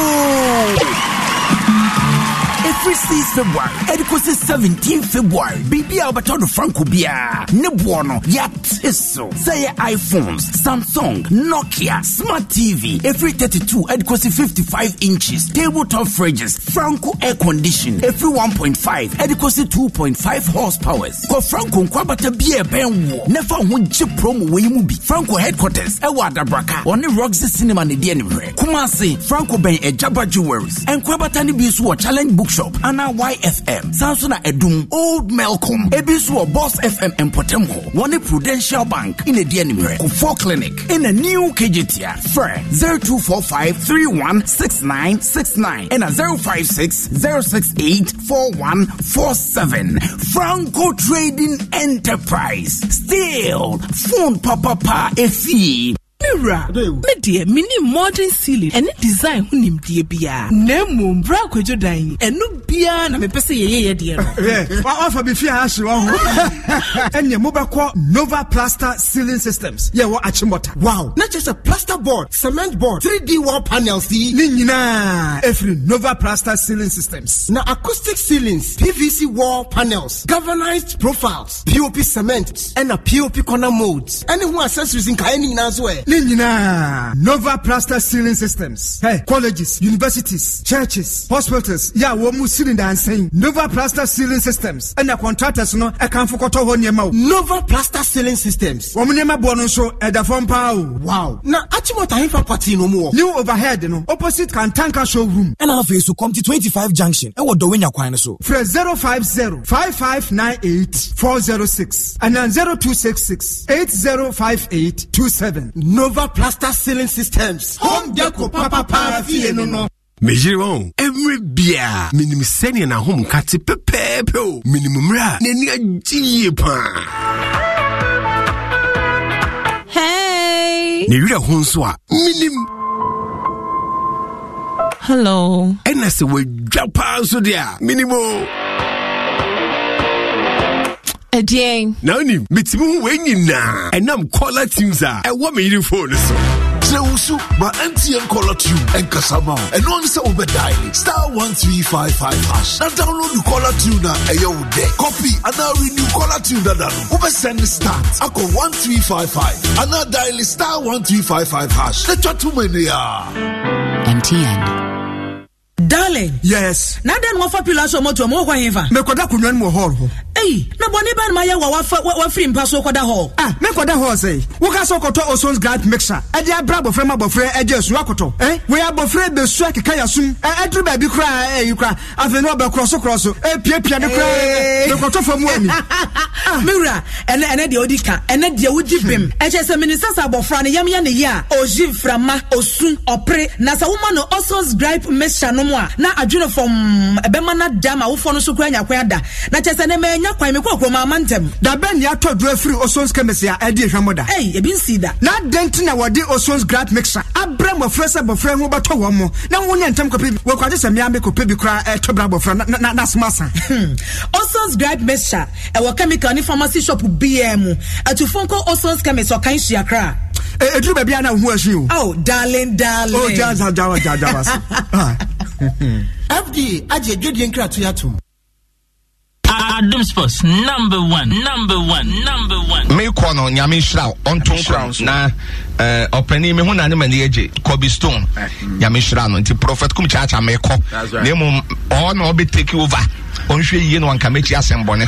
ɛfiri 6 february ɛde kɔsi 17 february biribi a wobɛtɔ do franco biara ne boɔ no yɛate so sɛ yɛ iphones samsung nokia smart tv ɛfiri 32 ɛde kɔsi 55 inches tabletop fridges franco air condition ɛfiri 1.5 ɛde kɔsi 2.5 horsepowers kɔ franco nkwabata bi a ɛbɛn woɔ na fa ho gye promo wɔ yi mu bi franco headquarters ɛwɔ adabraka ɔne roxy cinema ne deɛ ne werɛ kumase franco bɛn agyaba jewelries ɛnkwabata no bi nso wɔ challenge book workshop ana yfm saa nso na ɛdum old melcom ebi nso boss fm mpɔtam hɔ prudential bank ɛna di animrɛ kofo clinic ɛna new kegetia frɛ 0245 316969 ɛna 056 068 4147 franco trading enterprise still phone Papa papapa efi mewura me deɛ menim modern ceiling ɛne design ho nimdeɛ biara na mmom berɛ akwadwo dan yi ɛno biara na mepɛ yeye yɛyɛyɛ deɛ no wafa bɛfie a ahye wɔ ho ɛneɛ mobɛkɔ nova plaster ceiling systems yɛwɔ akyemmɔta wow na kyerɛ sɛ plaster board cement board 3d wall panels yi ne nyinaa ɛfiri nova plaster ceiling systems na acoustic ceilings pvc wall panels galvanized profiles pop cement ɛna pop corner molds ɛne ho accessories nkaeɛ no nyinaa nso ɛ ne nyinaa nova plaster ceiling systems hey, colleges universities churches hospitals yɛ a wɔn mu siri dansɛn nova plaster ceiling systems ɛna contractors no ɛkanfo e kɔtɔ hɔ nneɛma o. nova plaster ceiling systems. wɔn nneɛma boɔ no nso ɛda fam paa o. wow na achimota property pati no mu wɔ. new overhead no opposite kantanka showroom. ɛna afei so kɔmti twenty five junction ɛwɔ dɔwɛnya kwan no so. frɛ zero five zero five five nine eight four zero six and then zero two six six eight zero five eight two seven nova plaster ceiling systems home deco papapa fie no no megyere wɔn ɛmmerɛ bia menim sɛneɛ n'ahomka te pɛpɛɛpɛ o menim mmerɛ a n'ani agye yie paa hey. ne nso a menim hello ɛna sɛ wadwa paa nso deɛ a menim o ɛdeɛn na wonim metumi ho wei nyinaa ɛnam kɔla tunes a ɛwɔ me yere phone so kyerɛ wo so ma mtn color tube ɛnkasa ma wo ɛno ne sɛ wobɛdae star 1355 hash na download color tube na ɛyɛ wo dɛ copy anaa renew color tube dada no wobɛsɛne start akɔ 1355 anaa dial star 1355 hash na twa to mane a mtn darling. yes. na dan wọn fa pillar so mọtò ọmọ wọkọ yẹn fa. mẹkọdà kùnú ẹni mọ hall hɔ. eyi na bọ ní báyìí máa yẹ wà wà firi mpa so kọdà hall. ah mẹkọdà hall sẹyìn wọkà sọ kọtọ ozone grant mixer ẹdí abúlé abọfra ma abọfra ẹdí ẹsùn akọtọ ẹ wọ́n abọfra ebesu akeka yasun ẹ ẹdúró bẹẹbi kura eh, ẹ yìí kura afẹnú ọbẹ kúrọsọ kúrọsọ ẹ pie pie ni kura ẹ mẹkọtọ fọmú ẹni. miwura ɛnɛ ɛnɛ deɛ odi ka ɛnɛ deɛ wodi bim ɛkyɛ sɛ minisɛsɛ abɔfra no yamya ne yi a Oji mframa osun ɔpere na sɛ woma no ozone grant mixer nom mu a na adwene fam ɛbɛma no da ma wofoɔ no so kora nyakwa ada na kyɛ sɛ ne maanya kwan mekɔ kuroma ama ntɛm dabɛne atɔ duro afiri osons chemis a ɛde hwɛ mo da ei ebi nsii da na adɛn nti na wɔde osons grad mixer abrɛ mmɔfra sɛ bɔfra ho bɛtɔ wɔn mo na wonyɛ ntɛm kɔpɛ bi wɔkwagye sɛ mmea mekɔpɛ bi koraa ɛtɔ bra bɔfra na asoma asa osons grad mixture ɛwɔ chemical ne pharmacy shop biaa mu atufo nkɔ osons chemist ɔkan hyia koraa ɛduru baabi na wo ho ahyi o oh darling darling oh, ja, ja, ja, ja, ja, ja, fd agye adwadie nkrato atom Adum Sports number one, number one, number one. Me kono nyame nhyira ɔnto nkɔ na ɔpanin mi ho na ne ma ne agye Kobe stone hmm. nyame hyira no nti prophet kum church amekɔ na emu ɔno ɔbɛ take over ɔnhwɛ yie na wanka mɛkyi asɛm bɔne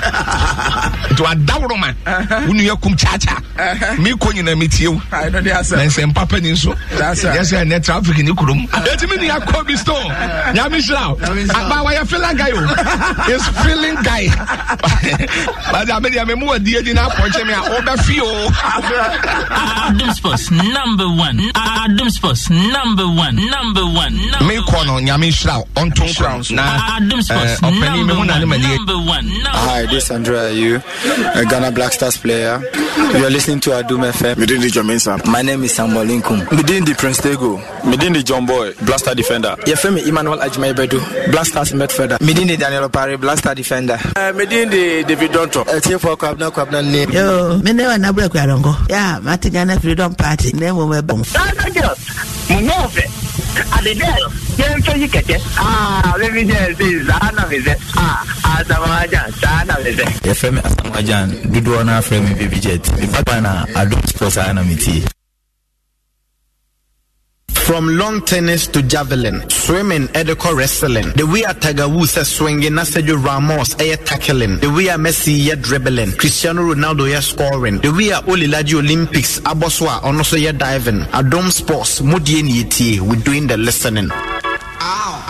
nti wadaworo ma uh-huh. wo nua kum kyakya uh-huh. mekɔ nyina metie wo na nsɛmpa pani nso yɛ sɛ ɛnɛ traffic ne kurom ɛtumi uh-huh. ya Kobe stone nyame hyira aba wayɛ feeling guy o is feeling guy bade amedeɛ memu wadi di na apɔnkye mi a wobɛfie o number one. Adum Sports, number one, number one. Me kono nyame shira onto nkro na Adum eh, Sports, number one, number one. Hi, this is Andrea you, a Ghana Black Stars player. You are listening to Adum FM. Within the German My name is Samuel Linkum. Within the Prince Tego. Within the John Boy, Blaster Defender. Yefemi Emmanuel Ajmai Bedu, Blaster Medfeder. Within the Daniel Opare, Blaster Defender. Uh, within the David Donto. A team for Kwabna Kwabna name. Yo, me never nabra kwarongo. Yeah, Martin Ghana Freedom Party nti na mmom ɛbɛ mf Ghana girls mo mo fɛ ade dɛ yɛmfɛ yi kɛkɛ aa bɛbi dɛ sɛ saa na me sɛ aa ah, asamaagyan saa na me sɛ yɛfrɛ me asamaagyan dodoɔ no afrɛ me baby jet mebaba na adom sports a na from long tennis to javelin, swimming, edeka wrestling. The way a Tiger Woods is swinging, Sergio Ramos is eh, tackling. The way a Messi is dribbling, Cristiano Ronaldo is scoring. The way a Olilaji Olympics, Aboswa, onoso is diving. Adom Sports, Mudien ETA, we're doing the listening. Ow.